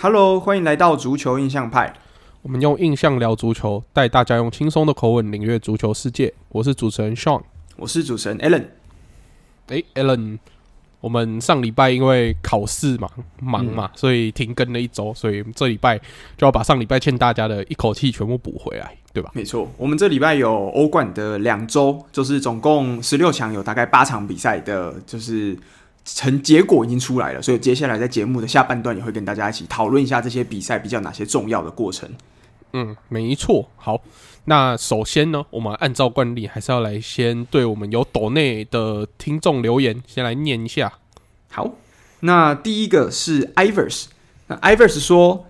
Hello，歡迎來到足球印象派。我們用印象聊足球，帶大家用輕鬆的口吻領略足球世界。我是主持人 Sean，我是主持人 Alan。哎，Alan，我們上禮拜因為考試嘛，忙嘛，嗯、所以停更了一周，所以這禮拜就要把上禮拜欠大家的一口氣全部補回來，對吧？沒錯，我們這禮拜有歐冠的兩周，就是總共十六強有大概八場比賽的，就是。成結果已經出來了，所以接下來在節目的下半段也會跟大家一起討論一下這些比賽比較哪些重要的過程。嗯，沒錯。好，那首先呢，我們按照慣例還是要來先對我們有抖內的聽眾留言先來念一下。好，那第一個是 Ivers，那 Ivers 說：“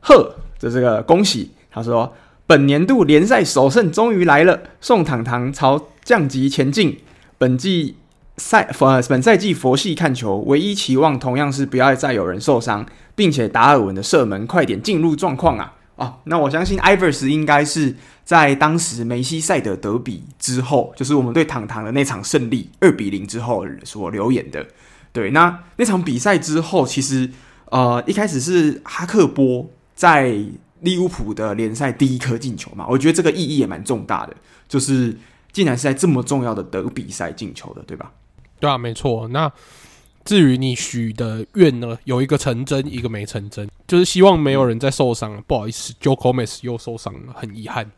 呵，這、就是個恭喜。”他說：“本年度聯賽首勝終於來了，宋唐糖朝降級前進，本季。”賽佛本賽季佛系看球，唯一期望同樣是不要再有人受傷，並且達爾文的射門快點進入狀況啊！哦、啊，那我相信 Ivers 應該是在當時默西塞德德比之後，就是我們對糖糖的那場勝利二比零之後所留言的。對，那那場比賽之後，其實呃一開始是哈克波在利物浦的聯賽第一顆進球嘛，我覺得這個意義也蠻重大的，就是竟然是在這麼重要的德比賽進球的，對吧？對啊，沒錯。那至於你許的願呢，有一個成真，一個沒成真，就是希望沒有人再受傷了。不好意思，Joe Gomez 又受傷了，很遺憾。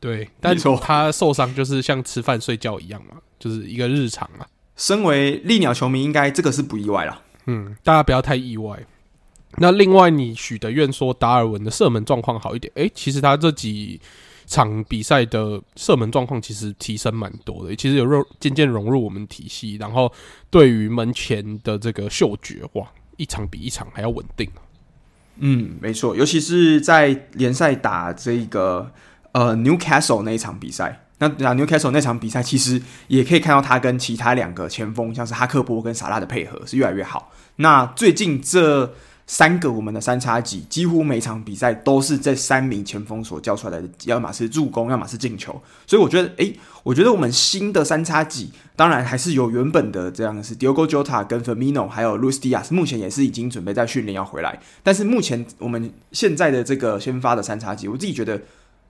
對，但他受傷就是像吃飯睡覺一樣嘛，就是一個日常嘛。身為利鳥球迷，應該這個是不意外了。嗯，大家不要太意外。那另外，你許的願說達爾文的射門狀況好一點，哎、欸，其實他這幾。場比賽的射門狀況其實提升蠻多的，其實有肉漸漸融入我們體系，然後對於門前的這個嗅覺，哇，一場比一場還要穩定。嗯，沒錯，尤其是在聯賽打這個呃 Newcastle 那一場比賽，那打、啊、Newcastle 那場比賽，其實也可以看到他跟其他兩個前鋒，像是哈克波跟薩拉的配合是越來越好。那最近這。三個我們的三叉戟幾乎每場比賽都是這三名前鋒所交出來的，要麼是助攻，要麼是進球。所以我覺得，誒、欸，我覺得我們新的三叉戟，當然還是有原本的這樣的是 Diogo Jota 跟 Firmino 還有 Luis Diaz，目前也是已經準備在訓練要回來。但是目前我們現在的這個先發的三叉戟，我自己覺得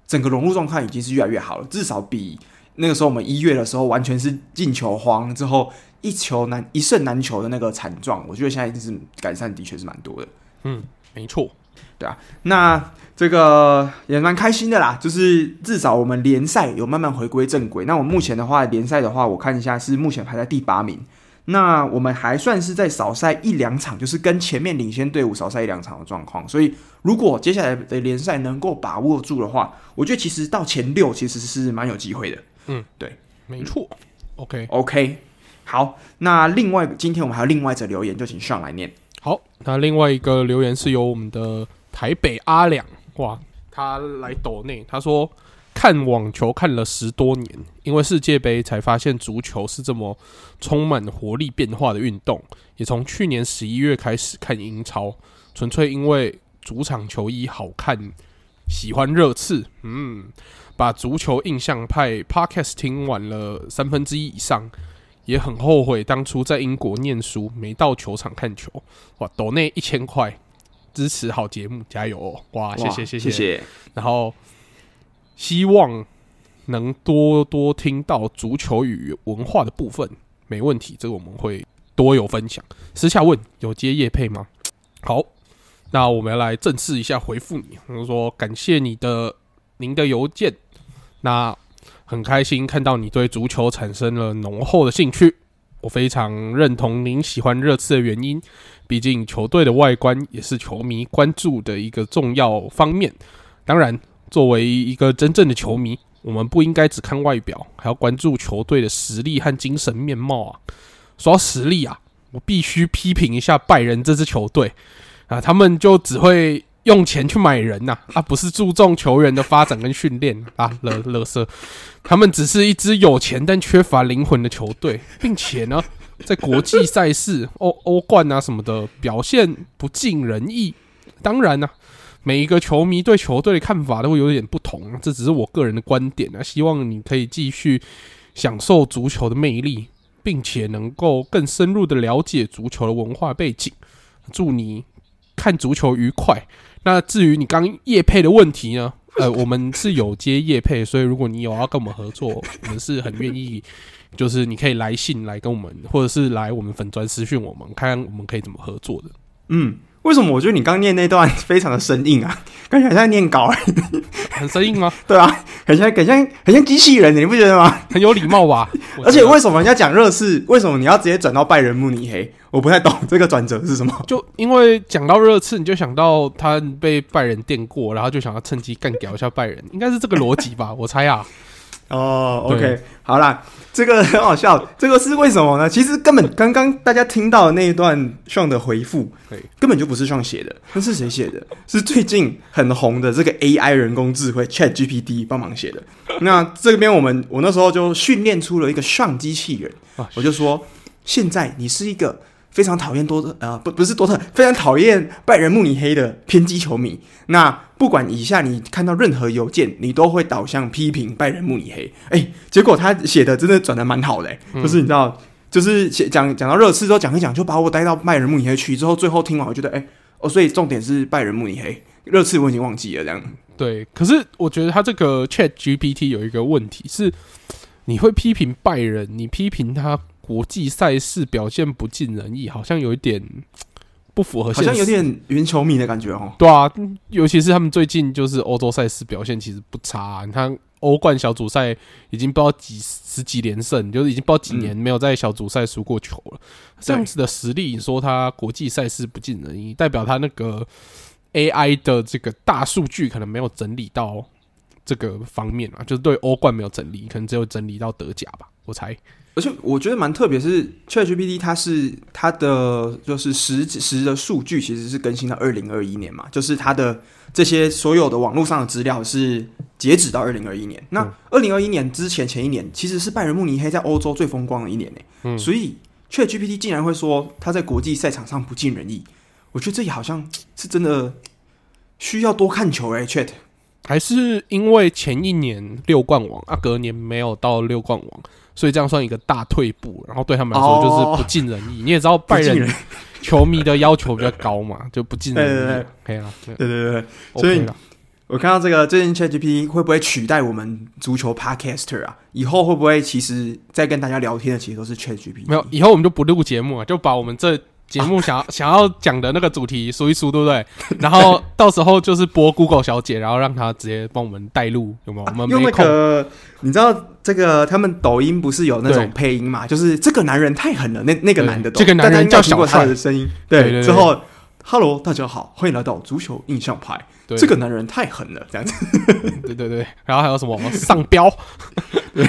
整個融入狀況已經是越來越好了，至少比那個時候我們一月的時候完全是進球荒之後。一球難，一勝難求的那個慘狀，我覺得現在已經是改善，的確是蠻多的。嗯，沒錯，對啊。那這個也蠻開心的啦，就是至少我們聯賽有慢慢回歸正軌。那我目前的話，聯賽的話，我看一下是目前排在第八名。那我們還算是在少賽一兩場，就是跟前面領先隊伍少賽一兩場的狀況。所以如果接下來的聯賽能夠把握住的話，我覺得其實到前六其實是蠻有機會的。嗯，對，沒錯。OK，OK。好，那另外今天我們還有另外一則留言，就請上來念。好，那另外一個留言是由我們的台北阿兩，哇，他來抖內，他說看網球看了十多年，因為世界杯才發現足球是這麼充滿活力變化的運動。也從去年十一月開始看英超，純粹因為主場球衣好看，喜歡熱刺。嗯，把足球印象派 Podcast 聽完了三分之一以上。也很後悔當初在英國念書沒到球場看球，哇！抖內一千塊支持好節目，加油哦！哇，謝謝哇謝謝，謝，謝。然後希望能多多聽到足球與文化的部分，沒問題，這個我們會多有分享。私下問有接業配嗎？好，那我們來正式一下回復你，我們說感謝你的您的郵件，那。很開心看到你對足球產生了濃厚的興趣。我非常認同您喜歡熱刺的原因，畢竟球隊的外觀也是球迷關注的一個重要方面。當然，作為一個真正的球迷，我們不應該只看外表，還要關注球隊的實力和精神面貌啊。說實力啊，我必須批評一下拜仁這支球隊啊，他們就只會。用錢去買人吶、啊，他、啊、不是注重球員的發展跟訓練啊，勒勒瑟，他們只是一支有錢但缺乏靈魂的球隊，並且呢，在國際賽事歐歐冠啊什麼的表現不盡人意。當然呢、啊，每一個球迷對球隊的看法都會有點不同，這只是我個人的觀點啊。希望你可以繼續享受足球的魅力，並且能夠更深入地了解足球的文化背景。祝你！看足球愉快。那至於你剛業配的問題呢？呃，我們是有接業配，所以如果你有要跟我們合作，我們是很願意，就是你可以來信來跟我們，或者是來我們粉專私訊我們，看看我們可以怎麼合作的。嗯。為什麼我覺得你剛念那段非常的生硬啊？感覺好像在念稿、欸， 很生硬嗎？ 對啊，很像、很像、很像機器人、欸，你不覺得嗎？很有禮貌吧？而且為什麼人家講熱刺，為什麼你要直接轉到拜仁慕尼黑？我不太懂這個轉折是什麼。就因為講到熱刺，你就想到他被拜仁電過，然後就想要趁機幹掉一下拜仁， 應該是這個邏輯吧？我猜啊。哦、oh，OK，對好啦，這個很好笑，這個是為什麼呢？其實根本剛剛大家聽到的那一段上的回復，根本就不是上寫的，那是誰寫的？是最近很紅的這個 AI 人工智慧 ChatGPT 幫忙寫的。那這邊我們我那時候就訓練出了一個上機器人，我就說，現在你是一個非常討厭多特啊，不、呃、不是多特，非常討厭拜仁慕尼黑的偏激球迷。那不管以下你看到任何郵件，你都會導向批評拜仁慕尼黑。哎、欸，結果他寫的真的轉得蠻好的、欸，就是你知道，嗯、就是講講到熱刺之後講一講，就把我帶到拜仁慕尼黑去，之後最後聽完我覺得，哎、欸，哦，所以重點是拜仁慕尼黑，熱刺我已經忘記了這樣。對，可是我覺得他這個 Chat GPT 有一個問題是，你會批評拜仁，你批評他國際賽事表現不盡人意，好像有一點。不符合，好像有點雲球迷的感覺哦。對啊，尤其是他們最近就是歐洲賽事表現其實不差，啊，你看歐冠小組賽已經不知道幾十幾連勝，就是已經不知道幾年沒有在小組賽輸過球了。這樣子的實力，你說他國際賽事不盡人意，對代表他那個 AI 的這個大數據可能沒有整理到這個方面啊。就是對歐冠沒有整理，可能只有整理到德甲吧？我猜。而且我覺得蠻特別，Ch 他是 ChatGPT，它是它的就是實時、時的數據其實是更新到二零二一年嘛，就是它的這些所有的網絡上的資料是截止到二零二一年。那二零二一年之前前一年其實是拜仁慕尼黑在歐洲最風光的一年、欸、嗯，所以 ChatGPT 竟然會說他在國際賽場上不盡人意，我覺得這也好像是真的需要多看球誒、欸、Chat 還是因為前一年六冠王啊，隔年沒有到六冠王。所以這樣算一個大退步，然後對他們來說就是不盡人意。Oh, 你也知道拜仁球迷的要求比較高嘛，不近 就不盡人意。可以啊，okay 了 okay、了對，對對對，所以，okay、了我看到這個最近 ChatGPT 會不會取代我們足球 Podcaster 啊？以後會不會其實在跟大家聊天的其實都是 ChatGPT？沒有，以後我們就不錄節目了，就把我們這。節目想要、啊、想要講的那個主題輸一輸對不對？然後到時候就是播 Google 小姐，然後讓她直接幫我們帶路，有沒有？我們可、啊，那個，你知道這個他們抖音不是有那種配音嘛？對就是這個男人太狠了，那那個男的抖，這個男人叫小帥，過他的聲音，對，對對對之後。Hello，大家好，歡迎來到足球印象派。對，這個男人太狠了，這樣子。 對對對，然後還有什麼上標？ 對，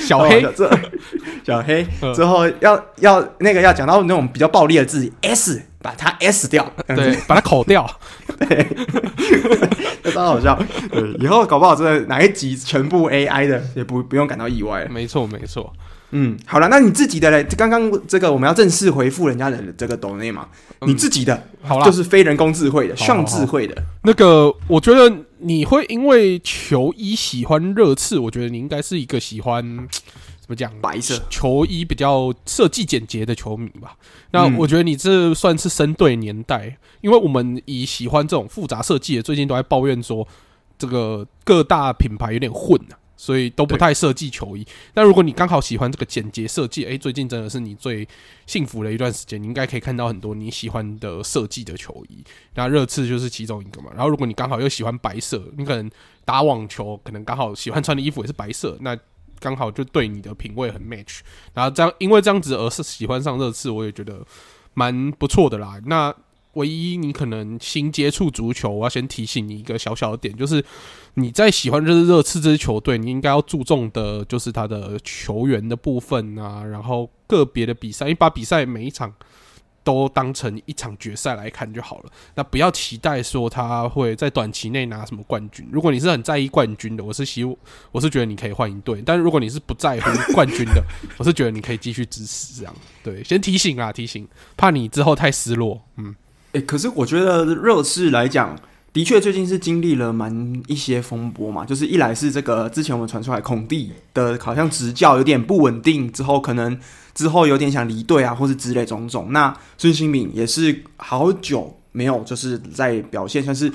小黑這 小黑之後要要那個要講到那種比較暴力的字，s 把它 s 掉， 對，把它口掉， 對，然 好笑。對，以後搞不好這哪一集全部 AI 的，也不不用感到意外了。沒錯，沒錯。嗯，好了，那你自己的嘞？剛剛這個我們要正式回復人家的這個 donate 嘛？嗯、你自己的好啦就是非人工智慧的，好好好上智慧的。那個，我覺得你會因為球衣喜歡熱刺，我覺得你應該是一個喜歡怎麼講白色球衣比較設計簡潔的球迷吧？那我覺得你這算是深對年代，嗯、因為我們以喜歡這種複雜設計的，最近都在抱怨說這個各大品牌有點混了，啊。所以都不太設計球衣。對那如果你剛好喜歡這個簡潔設計，誒、欸，最近真的是你最幸福的一段時間，你應該可以看到很多你喜歡的設計的球衣。那熱刺就是其中一個嘛。然後如果你剛好又喜歡白色，你可能打網球，可能剛好喜歡穿的衣服也是白色，那剛好就對你的品味很 match。然後這樣，因為這樣子而是喜歡上熱刺，我也覺得蠻不錯的啦。那。唯一，你可能新接觸足球，我要先提醒你一個小小的點，就是你在喜歡這支熱刺這支球隊，你應該要注重的就是他的球員的部分啊，然後個別的比賽，你把比賽每一場都當成一場決賽來看就好了。那不要期待說他會在短期內拿什麼冠軍。如果你是很在意冠軍的，我是希望我是覺得你可以換一隊，但是如果你是不在乎冠軍的，我是覺得你可以繼續支持這樣。對，先提醒啊，提醒，怕你之後太失落，嗯。欸，可是我覺得熱刺來講，的確最近是經歷了蠻一些風波嘛，就是一來是這個之前我們傳出來孔蒂的好像執教有點不穩定，之後可能之後有點想離隊啊，或是之類種種。那孫興慜也是好久沒有，就是在表現像是，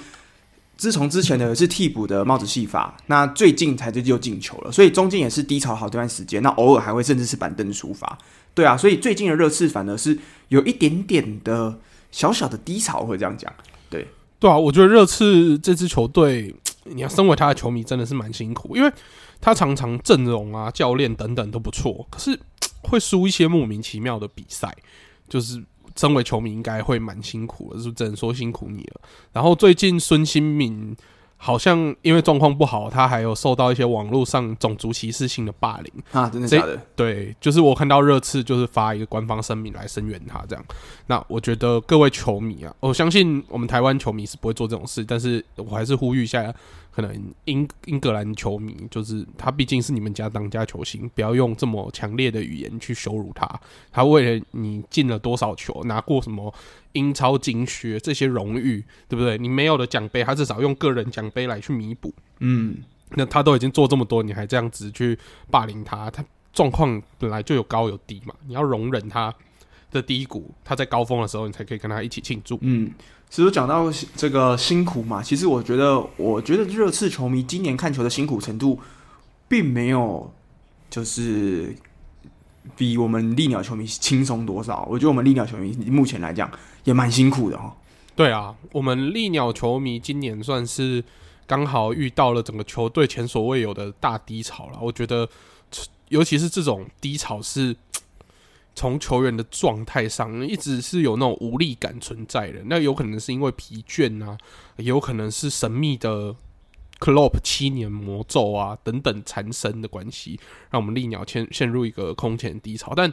自從之前的是替補的帽子戲法，那最近才最近又進球了，所以中間也是低潮好一段時間，那偶爾還會甚至是板凳出發，對啊，所以最近的熱刺反而是有一點點的。小小的低潮會這樣講，對對啊，我覺得熱刺這支球隊，你要身為他的球迷真的是蠻辛苦，因為他常常陣容啊、教練等等都不錯，可是會輸一些莫名其妙的比賽，就是身為球迷應該會蠻辛苦的，是不是？只能說辛苦你了。然後最近孫興慜。好像因為狀況不好，他還有受到一些網絡上種族歧視性的霸凌。啊，真的假的？對，就是我看到熱刺就是發一個官方聲明來聲援他這樣。那我覺得各位球迷啊，我相信我們台灣球迷是不會做這種事，但是我還是呼籲一下。可能英英格蘭球迷就是他，畢竟是你們家當家球星，不要用這麼強烈的語言去羞辱他。他為了你進了多少球，拿過什麼英超金靴這些榮譽，對不對？你沒有的獎盃，他至少用個人獎盃來去彌補。嗯，那他都已經做這麼多，你還這樣子去霸凌他，他狀況本來就有高有低嘛，你要容忍他的低谷，他在高峰的時候，你才可以跟他一起慶祝。嗯，其實講到這個辛苦嘛，其實我覺得，我覺得熱刺球迷今年看球的辛苦程度，並沒有就是比我們利鳥球迷輕鬆多少。我覺得我們利鳥球迷目前來講也蠻辛苦的哦。對啊，我們利鳥球迷今年算是剛好遇到了整個球隊前所未有的大低潮了。我覺得，尤其是這種低潮是。從球員的狀態上，一直是有那種無力感存在的。那有可能是因為疲倦啊，有可能是神秘的 Klopp 七年魔咒啊、等等纏身的關係，讓我們立鳥陷陷入一個空前低潮。但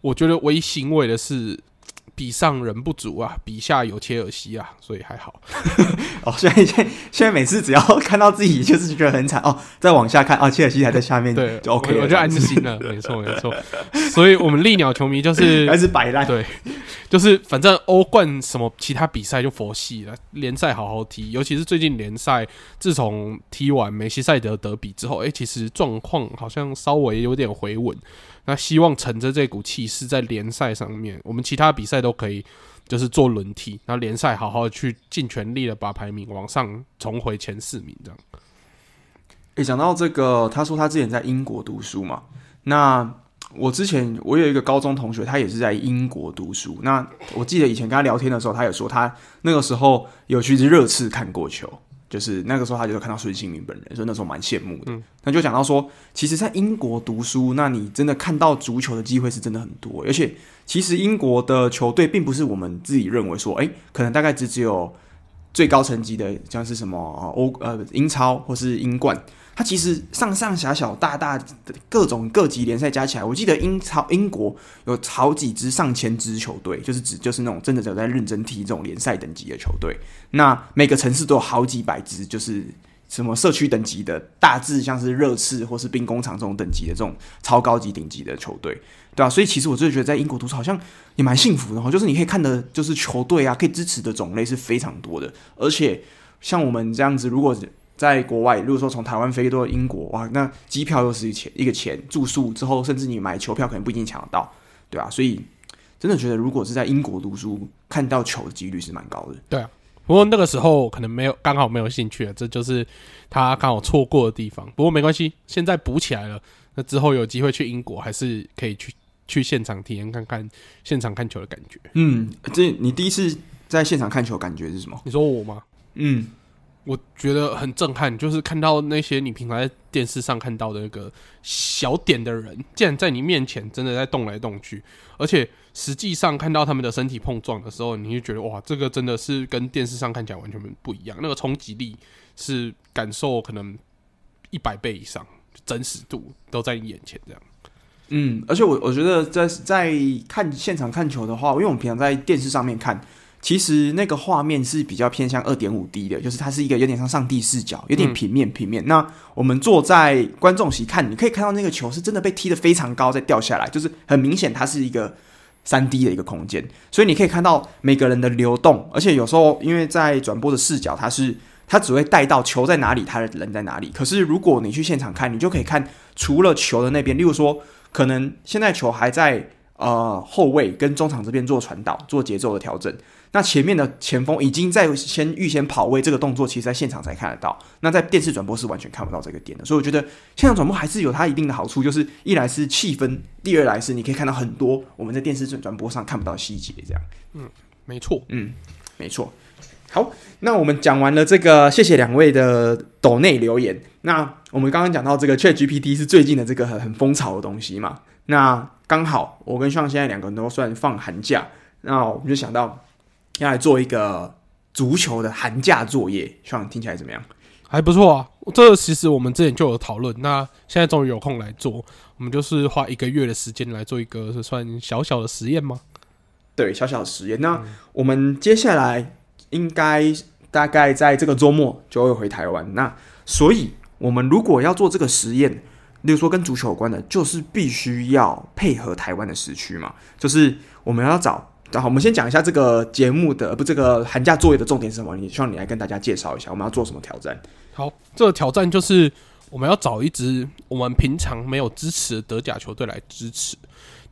我覺得唯一欣慰的是。比上人不足啊，比下有切爾西啊，所以還好。 哦，所以現在現在每次只要看到自己，就是覺得很慘哦。再往下看啊，切爾西還在下面，對了就 OK 了。我就安心了， 沒錯沒錯。所以，我們利鳥球迷就是 還是擺爛。對，就是反正歐冠什麼其他比賽就佛系了，聯賽好好踢。尤其是最近聯賽，自從踢完梅西賽德德比之後，哎、欸，其實狀況好像稍微有點回穩。那希望乘着這股氣勢，在聯賽上面，我們其他比賽都可以就是做輪替，那聯賽好好去盡全力的把排名往上重回前四名，這樣。哎、欸，講到這個，他說他之前在英國讀書嘛，那我之前我有一個高中同學，他也是在英國讀書，那我記得以前跟他聊天的時候，他也說他那個時候有去熱刺看過球。就是那個時候，他就看到孫興慜本人，所以那時候蠻羨慕的。嗯、他就講到說，其實，在英國讀書，那你真的看到足球的機會是真的很多，而且，其實英國的球隊並不是我們自己認為說，哎、欸，可能大概只只有。最高層級的像是什麼歐呃英超，或是英冠，它其實上上下下、大大的各種各級聯賽加起來，我記得英超英國有好幾支上千支球隊，就是指就是那種真的有在認真踢這種聯賽等級的球隊。那每個城市都有好幾百支，就是什麼社區等級的，大致像是熱刺或是兵工廠這種等級的這種超高級頂級的球隊。對啊，所以其實我真的覺得，在英國讀書好像也蠻幸福的哈、哦，就是你可以看的，就是球隊啊，可以支持的種類是非常多的。而且像我們這樣子，如果在國外，如果說從台灣飛到英國，哇，那機票又是一錢一個錢，住宿之後，甚至你買球票可能不一定搶得到，對啊，所以真的覺得，如果是在英國讀書，看到球的幾率是蠻高的。對啊，不過那個時候可能沒有剛好沒有興趣、啊，這就是他剛好錯過的地方。不過沒關係，現在補起來了。那之後有機會去英國，還是可以去。去現場體驗看看現場看球的感覺。嗯，這你第一次在現場看球的感覺是什麼？你說我嗎？嗯，我覺得很震撼，就是看到那些你平常在電視上看到的那個小點的人，竟然在你面前真的在動來動去，而且實際上看到他們的身體碰撞的時候，你就覺得哇，這個真的是跟電視上看起來完全不一樣，那個衝擊力是感受可能一百倍以上，真實度都在你眼前這樣。嗯，而且我我覺得在在看現場看球的話，因為我們平常在電視上面看，其實那個畫面是比較偏向二點五 D 的，就是它是一個有點像上帝視角，有點平面平面。嗯、那我們坐在觀眾席看，你可以看到那個球是真的被踢得非常高，再掉下來，就是很明顯它是一個三 D 的一個空間，所以你可以看到每個人的流動。而且有時候因為在轉播的視角，它是它只會帶到球在哪裡，它的人在哪裡。可是如果你去現場看，你就可以看除了球的那邊，例如說。可能現在球還在呃後衛跟中場這邊做傳導、做節奏的調整，那前面的前鋒已經在先預先跑位這個動作，其實，在現場才看得到。那在電視轉播是完全看不到這個點的，所以我覺得現場轉播還是有它一定的好處，就是一來是氣氛，第二來是你可以看到很多我們在電視轉轉播上看不到的細節這樣。嗯，沒錯。嗯，沒錯。.好，那我們講完了這個，謝謝兩位的抖內留言。那我們剛剛講到這個 Chat GPT 是最近的這個很很風潮的東西嘛。那剛好我跟尚現在兩個人都算放寒假，那我們就想到要來做一個足球的寒假作業。尚聽起來怎麼樣？還不錯啊。這個、其實我們之前就有討論，那現在終於有空來做，我們就是花一個月的時間來做一個算小小的實驗嗎？對，小小的實驗。那我們接下來。應該大概在這個周末就會回台灣，那所以我們如果要做這個實驗，例如說跟足球有關的，就是必須要配合台灣的時區嘛。就是我們要找，然後我們先講一下這個節目的不，這個寒假作業的重點是什麼？你希望你來跟大家介紹一下，我們要做什麼挑戰？好，這個挑戰就是我們要找一支我們平常沒有支持的德甲球隊來支持。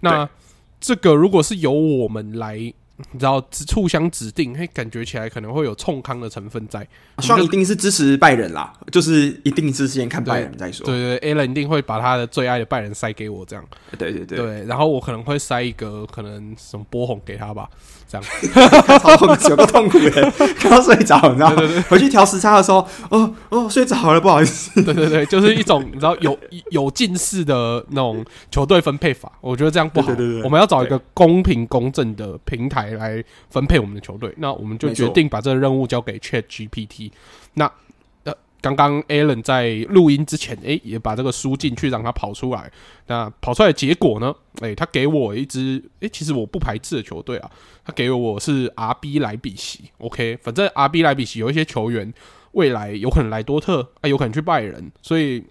那對這個如果是由我們來。然後促相指定嘿，感覺起來可能會有衝康的成分在。希望、嗯、一定是支持拜仁啦，就是一定是先看拜仁再說。對對 Alan 一定會把他的最愛的拜仁塞給我，這樣。對對對。對，然後我可能會塞一個可能什麼波鴻給他吧。這樣，有多 痛苦的？剛睡着，你知道嗎？對對對對對，回去調時差的時候，哦哦，睡着了，不好意思。對對對，就是一種 你知道有有近視的那種球隊分配法，我覺得這樣不好。對對對對對，我們要找一個公平公正的平台來分配我們的球隊。那我們就決定把這個任務交給 Chat GPT。那剛剛 Alan 在錄音之前，哎、欸，也把這個輸進去，讓他跑出來。那跑出來的結果呢？哎、欸，他給我一支，哎、欸，其實我不排斥的球隊啊。他給我是 RB 萊比錫，OK，反正 RB 萊比錫有一些球員未來有可能來多特，啊、有可能去拜仁，所以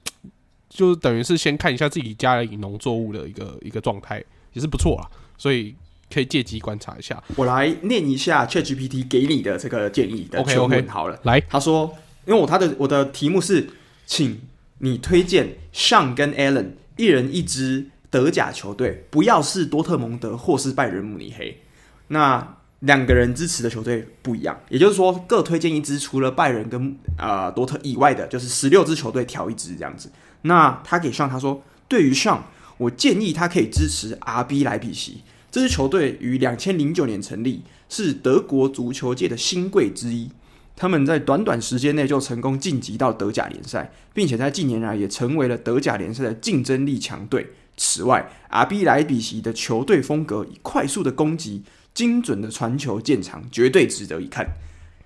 就等於是先看一下自己家裡農作物的一個一個狀態，也是不錯啊。所以可以借機觀察一下。我來念一下 ChatGPT 給你的這個建議的全文好了，OK, OK, 來，他說。因為我他的我的題目是，請你推薦 Sean 跟 Allen 一人一支德甲球隊，不要是多特蒙德或是拜仁慕尼黑，那兩個人支持的球隊不一樣，也就是說各推薦一支，除了拜仁跟啊、呃、多特以外的，就是十六支球隊挑一支這樣子。那他給 Sean，他說，對於 Sean，我建議他可以支持 RB 萊比錫這支球隊，於兩千零九年成立，是德國足球界的新貴之一。他們在短短時間內就成功晉級到德甲聯賽，並且在近年來也成為了德甲聯賽的競爭力強隊。此外，RB 萊比錫的球隊風格以快速的攻擊、精準的傳球見長，絕對值得一看。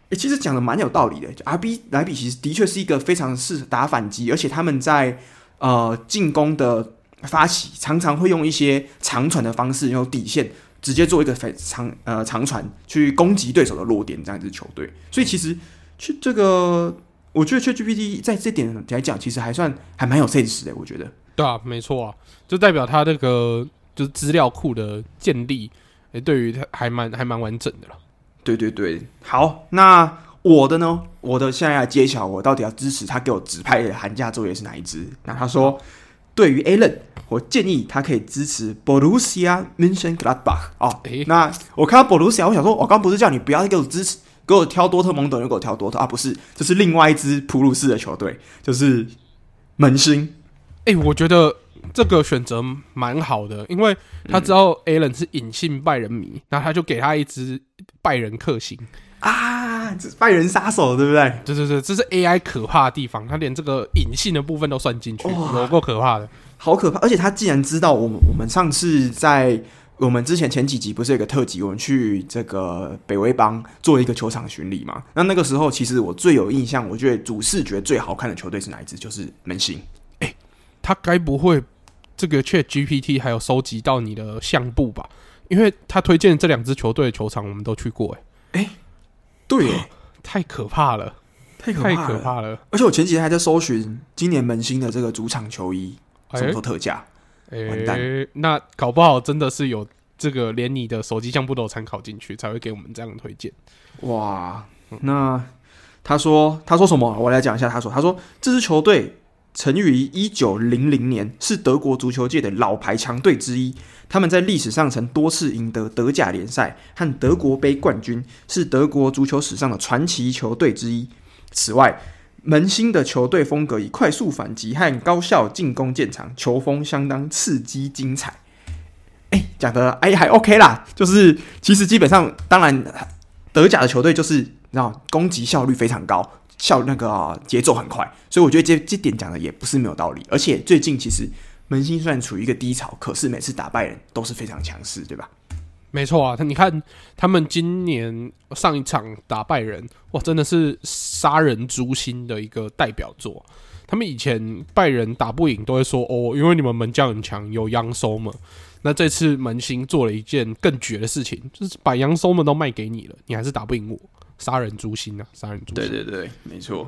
欸，其實講的蠻有道理的，就 RB 萊比錫的確是一個非常是打反擊，而且他們在呃進攻的發起，常常會用一些長傳的方式，有底線。直接做一個飛長呃，長傳去攻擊對手的弱點，這樣一支球隊，所以其實、嗯、去這個，我覺得去 g p d 在這點來講，其實還算還蠻有 s 實 e 的，我覺得。對啊，沒錯啊，就代表他那個就是資料庫的建立，誒、欸，對於他還蠻還蠻完整的了。對對對，好，那我的呢？我的現在要揭曉，我到底要支持他給我指派的寒假作業是哪一支？那他說，嗯、對於 a l a n 我建議他可以支持 Borussia Mönchengladbach、oh, 欸、那我看到 Borussia，我想說，我剛不是叫你不要給我支持，給我挑多特蒙德，又給我挑多特啊？不是，這、就是另外一支普魯士的球隊，就是門興。哎、欸，我覺得這個選擇蠻好的，因為他知道 Alan 是隱性拜仁迷，那、嗯、他就給他一支拜仁克星啊，這拜仁殺手，對不對？對對對，這是 AI 可怕的地方，他連這個隱性的部分都算進去，有夠、哦啊、可怕的。好可怕！而且他竟然知道我們，我們上次在我們之前前幾集不是有個特輯，我們去這個北威邦做一個球場巡禮嘛？那那個時候其實我最有印象，我覺得主視覺最好看的球隊是哪一支？就是門興。哎、欸，他該不會這個 ChatGPT 還有收集到你的相簿吧？因為他推薦這兩支球隊的球場我們都去過、欸。哎、欸，對哦，太可怕了，太可怕了，而且我前幾天還在搜尋今年門興的這個主場球衣。什麼時候特價，哎、欸，那搞不好真的是有這個，連你的手機項目都參考進去，才會給我們這樣推薦。哇，那他說他說什麼？我來講一下他，他說他說，這支球隊成立於一九零零年，是德國足球界的老牌強隊之一。他們在歷史上曾多次贏得德甲聯賽和德國杯冠軍，是德國足球史上的傳奇球隊之一。此外，門興的球隊風格以快速反擊和高效進攻見長，球風相當刺激精彩。哎、欸，講的哎、欸、還 OK 啦，就是其實基本上，當然德甲的球隊就是然後攻擊效率非常高，效那個節奏很快，所以我覺得這這點講的也不是沒有道理。而且最近其實門興雖然處於一個低潮，可是每次打敗人都是非常強勢，對吧？沒錯啊，他你看他們今年上一場打拜仁，哇，真的是殺人誅心的一個代表作啊。他們以前拜仁打不贏都會說哦，因為你們門將很強，有揚松嘛。那這次門興做了一件更絕的事情，就是把揚松們都賣給你了，你還是打不贏我，殺人誅心啊！殺人誅心。對對對，沒錯。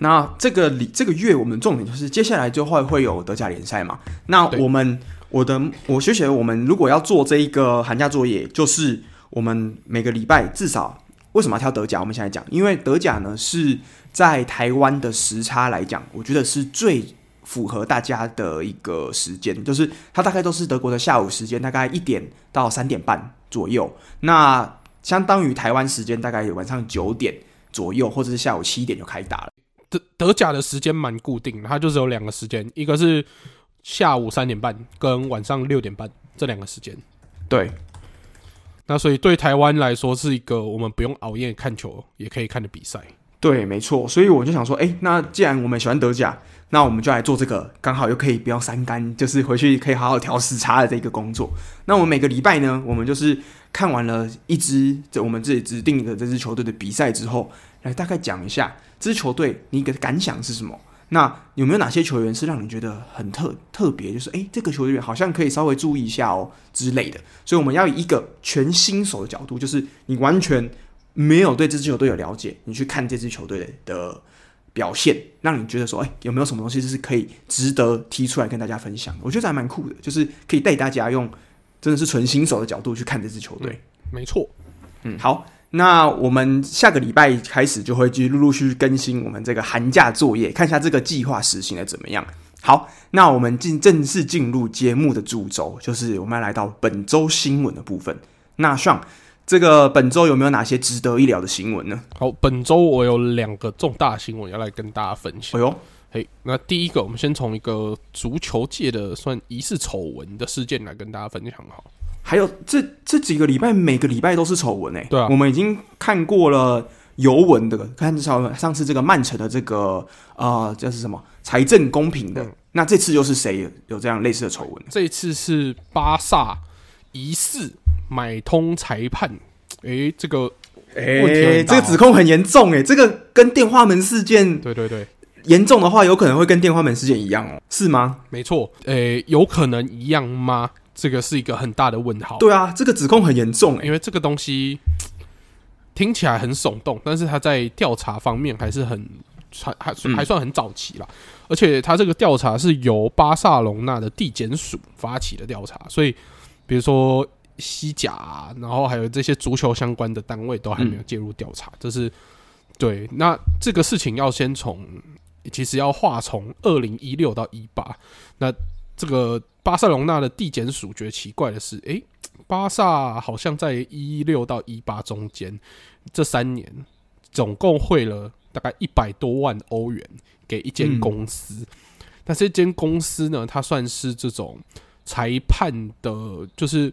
那這個里這個月，我們重點就是接下來就會會有德甲聯賽嘛。那我們。我的我學學，我們如果要做這一個寒假作業，就是我們每個禮拜至少為什麼要挑德甲？我們現在講，因為德甲呢是在台灣的時差來講，我覺得是最符合大家的一個時間，就是它大概都是德國的下午時間，大概一點到三點半左右，那相當於台灣時間大概晚上九點左右，或者是下午七點就開打了。德德甲的時間蠻固定的，它就是有兩個時間，一個是。下午三點半跟晚上六點半這兩個時間，對。那所以對台灣來說是一個我們不用熬夜看球也可以看的比賽。對，沒錯。所以我就想說，哎、欸，那既然我們喜歡德甲，那我們就來做這個，剛好又可以不要三更，就是回去可以好好調時差的這一個工作。那我們每個禮拜呢，我們就是看完了一支這我們自己指定的這支球隊的比賽之後，來大概講一下這支球隊你的感想是什麼？那有沒有哪些球員是讓你覺得很特特別？就是哎、欸，這個球員好像可以稍微注意一下哦之類的。所以我們要以一個全新手的角度，就是你完全沒有對這支球隊有了解，你去看這支球隊的表現，讓你覺得說，哎、欸，有沒有什麼東西是可以值得提出來跟大家分享的？我覺得還蠻酷的，就是可以帶大家用真的是純新手的角度去看這支球隊。沒錯，嗯，好。那我們下個禮拜開始就會去陸陸續續更新我們這個寒假作業，看一下這個計劃實行的怎麼樣。好，那我們進正式進入節目的主軸，就是我們來到本周新聞的部分。那上這個本周有沒有哪些值得一聊的新聞呢？好，本周我有兩個重大新聞要來跟大家分享。哎呦，嘿，Hey, 那第一個我們先從一個足球界的算疑似醜聞的事件來跟大家分享。還有這這幾個禮拜，每個禮拜都是醜聞哎。對啊，我們已經看過了尤文的，看上上次這個曼城的這個呃，這、就是什麼財政公平的？對那這次又是誰有這樣類似的醜聞？這次是巴薩疑似買通裁判。哎、欸，這個，哎、欸，哦、這個指控很嚴重哎、欸，這個跟電話門事件，對對對，嚴重的話有可能會跟電話門事件一樣哦，是嗎？沒錯，哎、欸，有可能一樣嗎？這個是一個很大的問號。對啊，這個指控很嚴重、欸、因為這個東西聽起來很聳動，但是他在調查方面還是很還還還算很早期了，嗯、而且他這個調查是由巴塞隆納的地檢署發起的調查，所以比如說西甲、啊，然後還有這些足球相關的單位都還沒有介入調查，這、嗯就是對。那這個事情要先從其實要劃從二零一六到一八那。這個巴塞隆納的地檢署覺得奇怪的是，哎、欸，巴薩好像在一六到一八中間這三年總共匯了大概一百多萬歐元給一間公司，但、嗯、這間公司呢，它算是這種裁判的，就是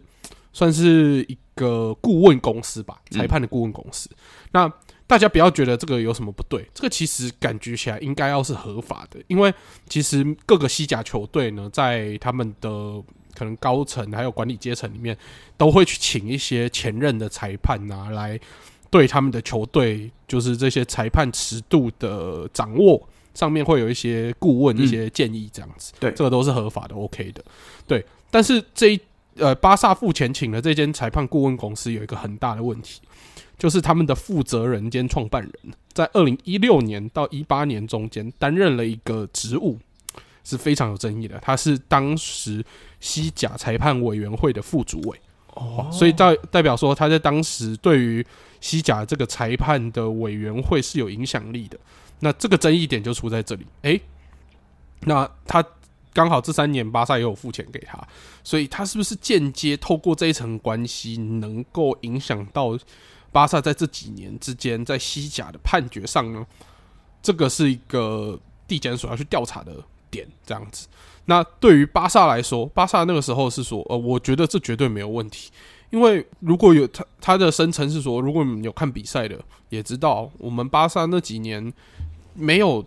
算是一個顧問公司吧，裁判的顧問公司。嗯、那大家不要覺得這個有什麼不對，這個其實感覺起來應該要是合法的，因為其實各個西甲球隊呢，在他們的可能高層還有管理階層裡面，都會去請一些前任的裁判啊，來對他們的球隊，就是這些裁判尺度的掌握上面會有一些顧問、嗯、一些建議這樣子。對，這個都是合法的，OK 的。對，但是這一呃，巴薩付錢請的這間裁判顧問公司，有一個很大的問題。就是他們的負責人兼創辦人，在二零一六年到一八年中間擔任了一個職務，是非常有爭議的。他是當時西甲裁判委員會的副主委，哦，所以代代表說他在當時對於西甲這個裁判的委員會是有影響力的。那這個爭議點就出在這裡。誒，那他剛好這三年巴薩也有付錢給他，所以他是不是間接透過這一層關係能夠影響到？巴薩在這幾年之間，在西甲的判決上呢，這個是一個地檢所要去調查的點，這樣子。那對於巴薩來說，巴薩那個時候是說，呃，我覺得這絕對沒有問題，因為如果有他，他的聲稱是說，如果你們有看比賽的，也知道我們巴薩那幾年沒有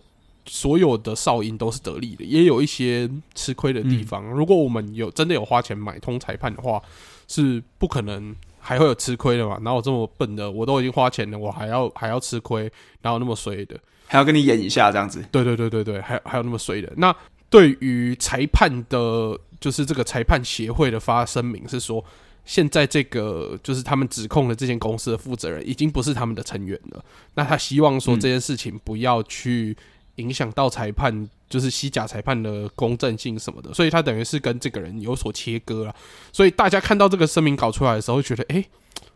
所有的哨音都是得利的，也有一些吃虧的地方。嗯、如果我們有真的有花錢買通裁判的話，是不可能，還會有吃虧的嘛？哪有這麼笨的？我都已經花錢了，我還要還要吃虧？哪有那麼衰的？還要跟你演一下這樣子？對對對對對，還還有那麼衰的？那對於裁判的，就是這個裁判協會的發聲明是說，現在這個就是他們指控的這間公司的負責人已經不是他們的成員了。那他希望說這件事情不要去。嗯影響到裁判，就是西甲裁判的公正性什麼的，所以他等於是跟這個人有所切割了。所以大家看到這個聲明稿出來的時候，會覺得，誒、欸，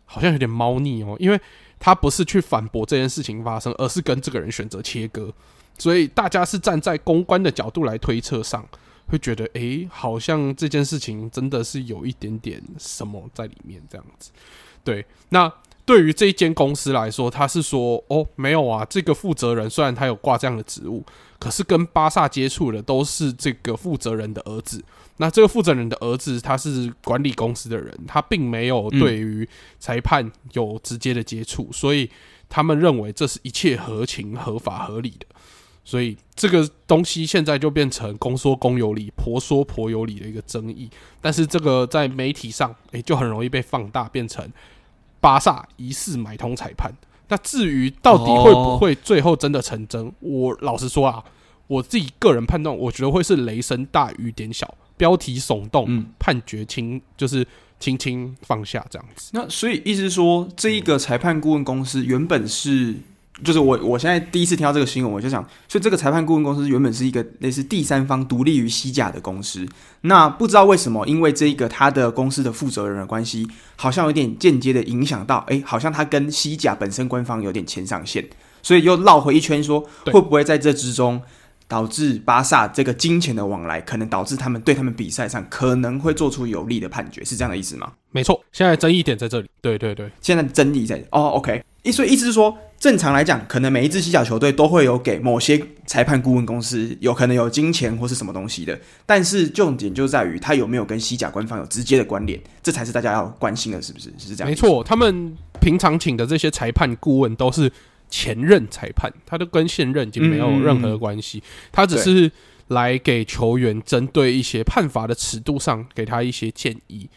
好像有點貓膩哦，因為他不是去反駁這件事情發生，而是跟這個人選擇切割。所以大家是站在公關的角度來推測上，會覺得，誒、欸，好像這件事情真的是有一點點什麼在裡面這樣子。對，那。對於這一間公司來說，他是說，哦，沒有啊，這個負責人雖然他有掛這樣的職務，可是跟巴薩接觸的都是這個負責人的兒子。那這個負責人的兒子他是管理公司的人，他並沒有對於裁判有直接的接觸，嗯、所以他們認為這是一切合情、合法、合理的。所以這個東西現在就變成公說公有理，婆說婆有理的一個爭議。但是這個在媒體上，誒、欸，就很容易被放大變成。巴薩疑似買通裁判，那至於到底會不會最後真的成真，oh. 我老實說啊，我自己個人判斷，我覺得會是雷聲大雨點小，標題聳動，判決輕，嗯、就是輕輕放下這樣子。那所以意思說，這一個裁判顧問公司原本是。就是我，我現在第一次聽到這個新聞，我就想，所以這個裁判顧問公司原本是一個類似第三方獨立於西甲的公司，那不知道為什麼，因為這一個他的公司的負責人的關係，好像有點間接的影響到，哎、欸，好像他跟西甲本身官方有點牽上線，所以又繞回一圈，說會不會在這之中？導致巴薩這個金錢的往來，可能導致他們對他們比賽上可能會做出有利的判決，是這樣的意思嗎？沒錯，現在爭議點在這裡。對對對，現在爭議在哦，OK，所以意思是說，正常來講，可能每一支西甲球隊都會有給某些裁判顧問公司，有可能有金錢或是什麼東西的，但是重點就在於他有沒有跟西甲官方有直接的關聯，這才是大家要關心的，是不是？是這樣。沒錯，他們平常請的這些裁判顧問都是。前任裁判，他都跟現任已經沒有任何的關係，嗯嗯、他只是來給球員針對一些判罰的尺度上給他一些建議，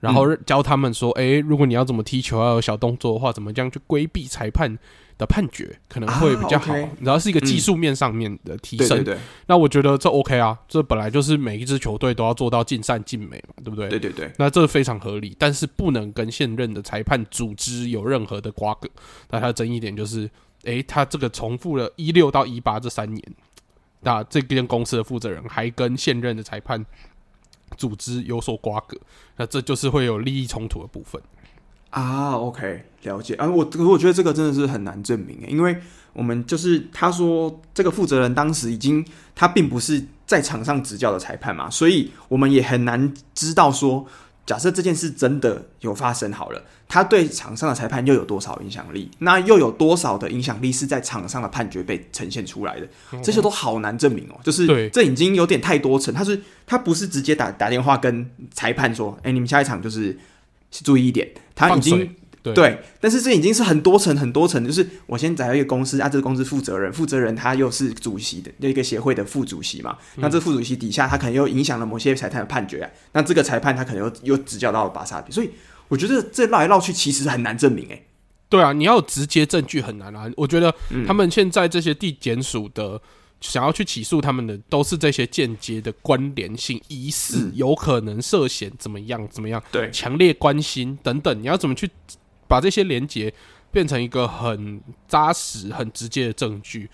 然後教他們說：“誒、嗯欸，如果你要怎麼踢球要有小動作的話，怎麼這樣去規避裁判。”的判決可能會比較好，然後、啊 okay、是一個技術面上面的提升。嗯、對對對，那我覺得這 OK 啊，這本來就是每一支球隊都要做到盡善盡美嘛，對不對？對對對，那這非常合理，但是不能跟現任的裁判組織有任何的瓜葛。嗯、那他爭議點就是，誒，他這個重複了一六到一八這三年，那這間公司的負責人還跟現任的裁判組織有所瓜葛，那這就是會有利益衝突的部分啊。OK。了解啊，我我覺得這個真的是很難證明誒、欸，因為我們就是他說這個負責人當時已經他並不是在場上執教的裁判嘛，所以我們也很難知道說，假設這件事真的有發生好了，他對場上的裁判又有多少影響力？那又有多少的影響力是在場上的判決被呈現出來的？嗯、這些都好難證明哦、喔。就是這已經有點太多層，對他是他不是直接打打電話跟裁判說：“哎、欸，你們下一場就是注意一點。”他已經。對，但是這已經是很多層很多層，就是我先找一個公司啊，這個公司負責人，負責人他又是主席的一個協會的副主席嘛，那這副主席底下他可能又影響了某些裁判的判決、啊，那這個裁判他可能又又指教到了巴薩，所以我覺得這繞來繞去其實很難證明哎、欸。對啊，你要有直接證據很難啊。我覺得他們現在這些地檢署的、嗯、想要去起訴他們的，都是這些間接的關聯性，疑似是有可能涉嫌怎麼樣怎麼樣，麼樣對，強烈關心等等，你要怎麼去？把這些連結變成一個很紮實、很直接的證據，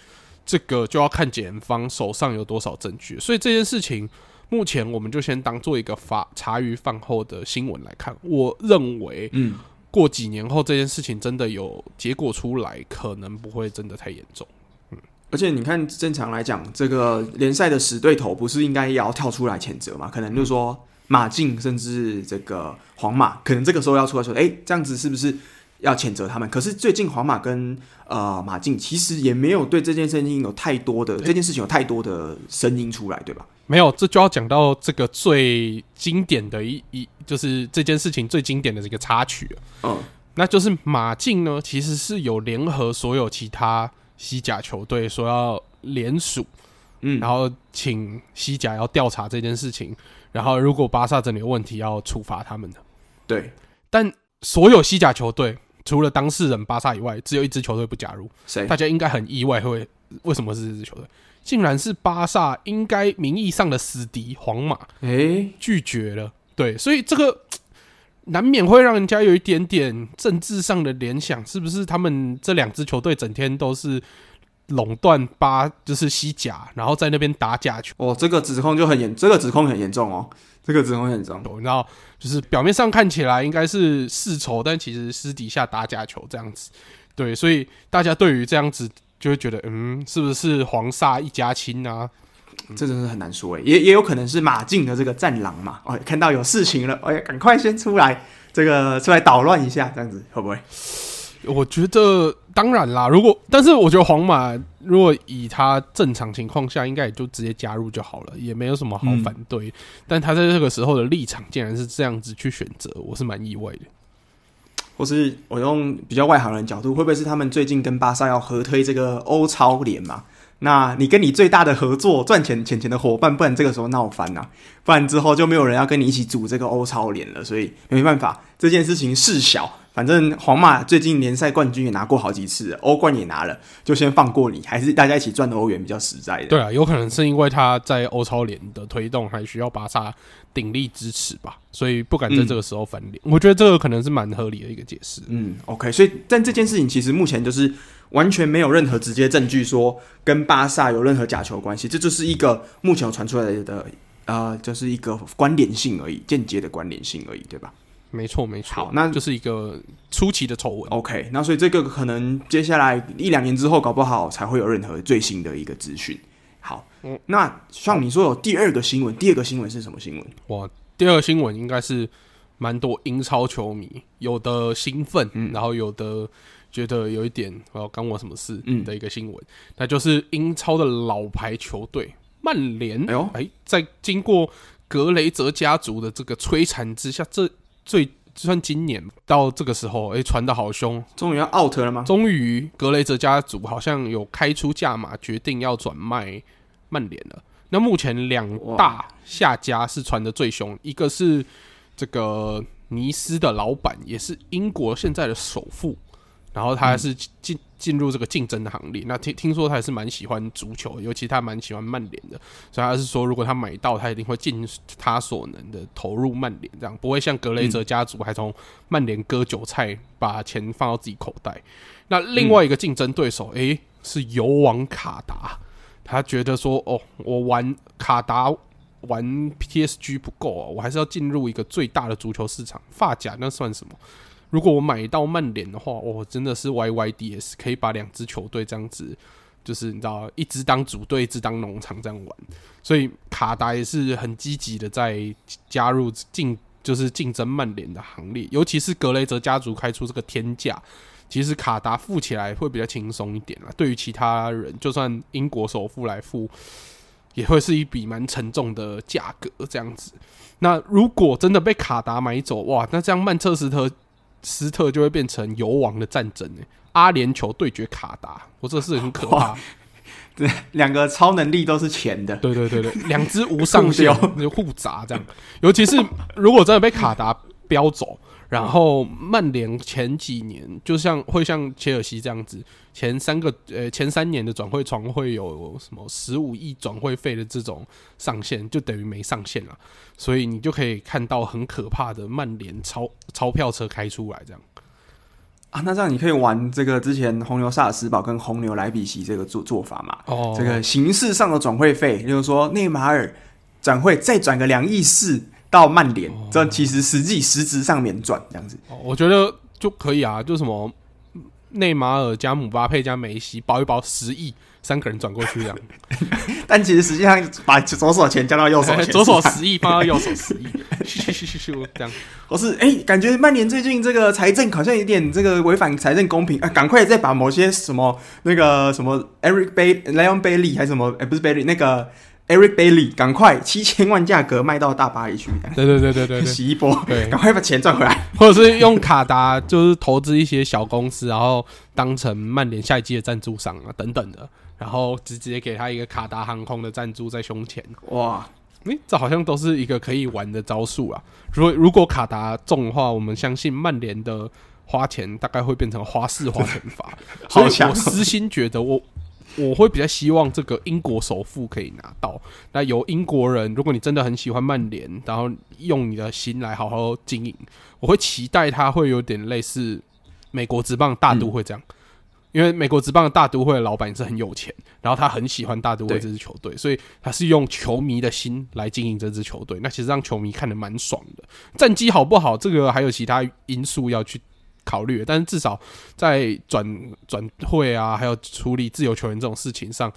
這個就要看檢方手上有多少證據。所以這件事情，目前我們就先當做一個發茶餘飯後的新聞來看。我認為，嗯，過幾年後這件事情真的有結果出來，可能不會真的太嚴重。嗯，而且你看，正常來講，這個聯賽的死對頭不是應該也要跳出來譴責嗎？可能就是說。馬競甚至這個皇馬，可能這個時候要出來說：“哎、欸，這樣子是不是要譴責他們？”可是最近皇馬跟呃馬競其實也沒有對這件事情有太多的對這件事情有太多的聲音出來，對吧？沒有，這就要講到這個最經典的一一，就是這件事情最經典的這個插曲了。嗯，那就是馬競呢，其實是有聯合所有其他西甲球隊說要聯署，嗯，然後請西甲要調查這件事情。然後，如果巴薩真的有問題，要處罰他們的。對，但所有西甲球隊除了當事人巴薩以外，只有一支球隊不加入。大家應該很意外，會為什麼是這支球隊？竟然是巴薩，應該名義上的死敵皇馬，誒，拒絕了。對，所以這個難免會讓人家有一點點政治上的聯想，是不是？他們這兩支球隊整天都是。壟斷八就是西甲，然後在那邊打假球。哦，這個指控就很嚴，這個指控很嚴重哦，這個指控很嚴重。然後就是表面上看起來應該是世仇，但其實私底下打假球這樣子，對，所以大家對於這樣子就會覺得，嗯，是不是,是皇薩一家親啊？這、嗯、真的是很難說也、欸、也有可能是馬競的這個戰狼嘛，哦，看到有事情了，哎，趕快先出來，這個出來搗亂一下，這樣子會不會？我覺得當然啦，如果但是我覺得皇馬如果以他正常情況下應該也就直接加入就好了，也沒有什麼好反對。嗯、但他在這個時候的立場竟然是這樣子去選擇，我是蠻意外的。或是我用比較外行人角度，會不會是他們最近跟巴薩要合推這個歐超聯嘛？那你跟你最大的合作賺錢錢錢的伙伴，不然這個時候鬧翻了，啊，不然之後就沒有人要跟你一起組這個歐超聯了。所以沒辦法，這件事情事小。反正皇馬最近聯賽冠軍也拿過好幾次，歐冠也拿了，就先放過你。還是大家一起賺的歐元比較實在的。對啊，有可能是因為他在歐超聯的推動，還需要巴薩鼎力支持吧，所以不敢在這個時候翻臉。嗯、我覺得這個可能是蠻合理的一個解釋。嗯，OK，所以但這件事情其實目前就是完全沒有任何直接證據說跟巴薩有任何假球關係，這就是一個目前傳出來的呃，就是一個關聯性而已，間接的關聯性而已，對吧？沒錯，沒錯。好，那就是一個初期的醜聞。OK，那所以這個可能接下來一兩年之後，搞不好才會有任何最新的一個資訊。好，嗯、那像你說有第二個新聞，第二個新聞是什麼新聞？哇，第二個新聞應該是蠻多英超球迷有的興奮，嗯、然後有的覺得有一點我要干我什麼事的一個新聞，嗯、那就是英超的老牌球隊曼聯，哎呦，哎、欸，在經過格雷澤家族的這個摧殘之下，這最就算今年到這個時候，誒、欸，傳的好凶，終於要 out 了嗎？終於，格雷澤家族好像有開出價碼，決定要轉賣曼聯了。那目前兩大下家是傳的最凶，哇一個是這個尼斯的老板，也是英國現在的首富，然後他是近。嗯進入這個競爭的行列，那聽聽說他還是蠻喜歡足球，尤其他蠻喜歡曼聯的，所以他是說，如果他買到，他一定會盡他所能的投入曼聯，這樣不會像格雷澤家族還從曼聯割韭菜，嗯、把錢放到自己口袋。那另外一個競爭對手，誒、嗯欸，是油王卡達，他覺得說，哦，我玩卡達玩 PSG 不夠啊，我還是要進入一個最大的足球市場，法甲那算什麼？如果我買到曼聯的話，我、哦、真的是 YYDS，可以把兩支球隊這樣子，就是你知道，一支當主隊，一支當農場這樣玩。所以卡達也是很積極的在加入競，就是競爭曼聯的行列。尤其是格雷澤家族開出這個天價，其實卡達付起來會比較輕鬆一點啦。對於其他人，就算英國首富來付，也會是一筆蠻沉重的價格這樣子。那如果真的被卡達買走，哇，那這樣曼徹斯特。斯特就會變成油王的戰爭、欸、阿聯酋對決卡達，我這是很可怕。對，兩個超能力都是錢的，對對對對，兩隻無上校就互砸這樣，尤其是如果真的被卡達標走。然後曼聯前幾年就像會像切爾西這樣子，前三個呃前三年的轉會窗會有什麼十五億轉會費的這種上限，就等於沒上限了，所以你就可以看到很可怕的曼聯鈔鈔票車開出來這樣。啊，那這樣你可以玩這個之前紅牛薩爾斯堡跟紅牛萊比錫這個做做法嘛？哦，這個形式上的轉會費，例如說內馬爾轉會再轉個兩億四，到曼聯，這其實實際實質上面轉這樣子。哦，我覺得就可以啊，就什麼內馬爾加姆巴佩加梅西保一保十億，三個人轉過去這樣。 但其實實際上把左手錢交到右手，哎，左手十億放到右手十億， 這樣。我是、欸、感覺曼聯最近這個財政好像有點這個違反財政公平啊，趕、呃、快再把某些什麼那個什麼 Eric Bailly、Leon Bailey 還是什麼？哎、欸，不是 Bailey 那個。Eric Bailey，趕快七千萬價格賣到大巴黎去。對，對對對對對，洗一波，對，趕快把錢賺回來，或者是用卡達就是投資一些小公司， 然後當成曼聯下一季的贊助商啊等等的，然後直接給他一個卡達航空的贊助在胸前。哇，哎、欸，這好像都是一個可以玩的招數啊！如果如果卡達中的話，我們相信曼聯的花錢大概會變成花式花錢法。好， 我私心覺得我。 我會比較希望這個英國首富可以拿到，那由英國人。如果你真的很喜歡曼聯，然後用你的心來好好經營，我會期待他會有點類似美國職棒大都會這樣，因為美國職棒的大都會的老闆也是很有錢，然後他很喜歡大都會這支球隊，所以他是用球迷的心來經營這支球隊，那其實讓球迷看得蠻爽的。戰績好不好？這個還有其他因素要去。考慮，但是至少在轉轉會啊，還有處理自由球員這種事情上，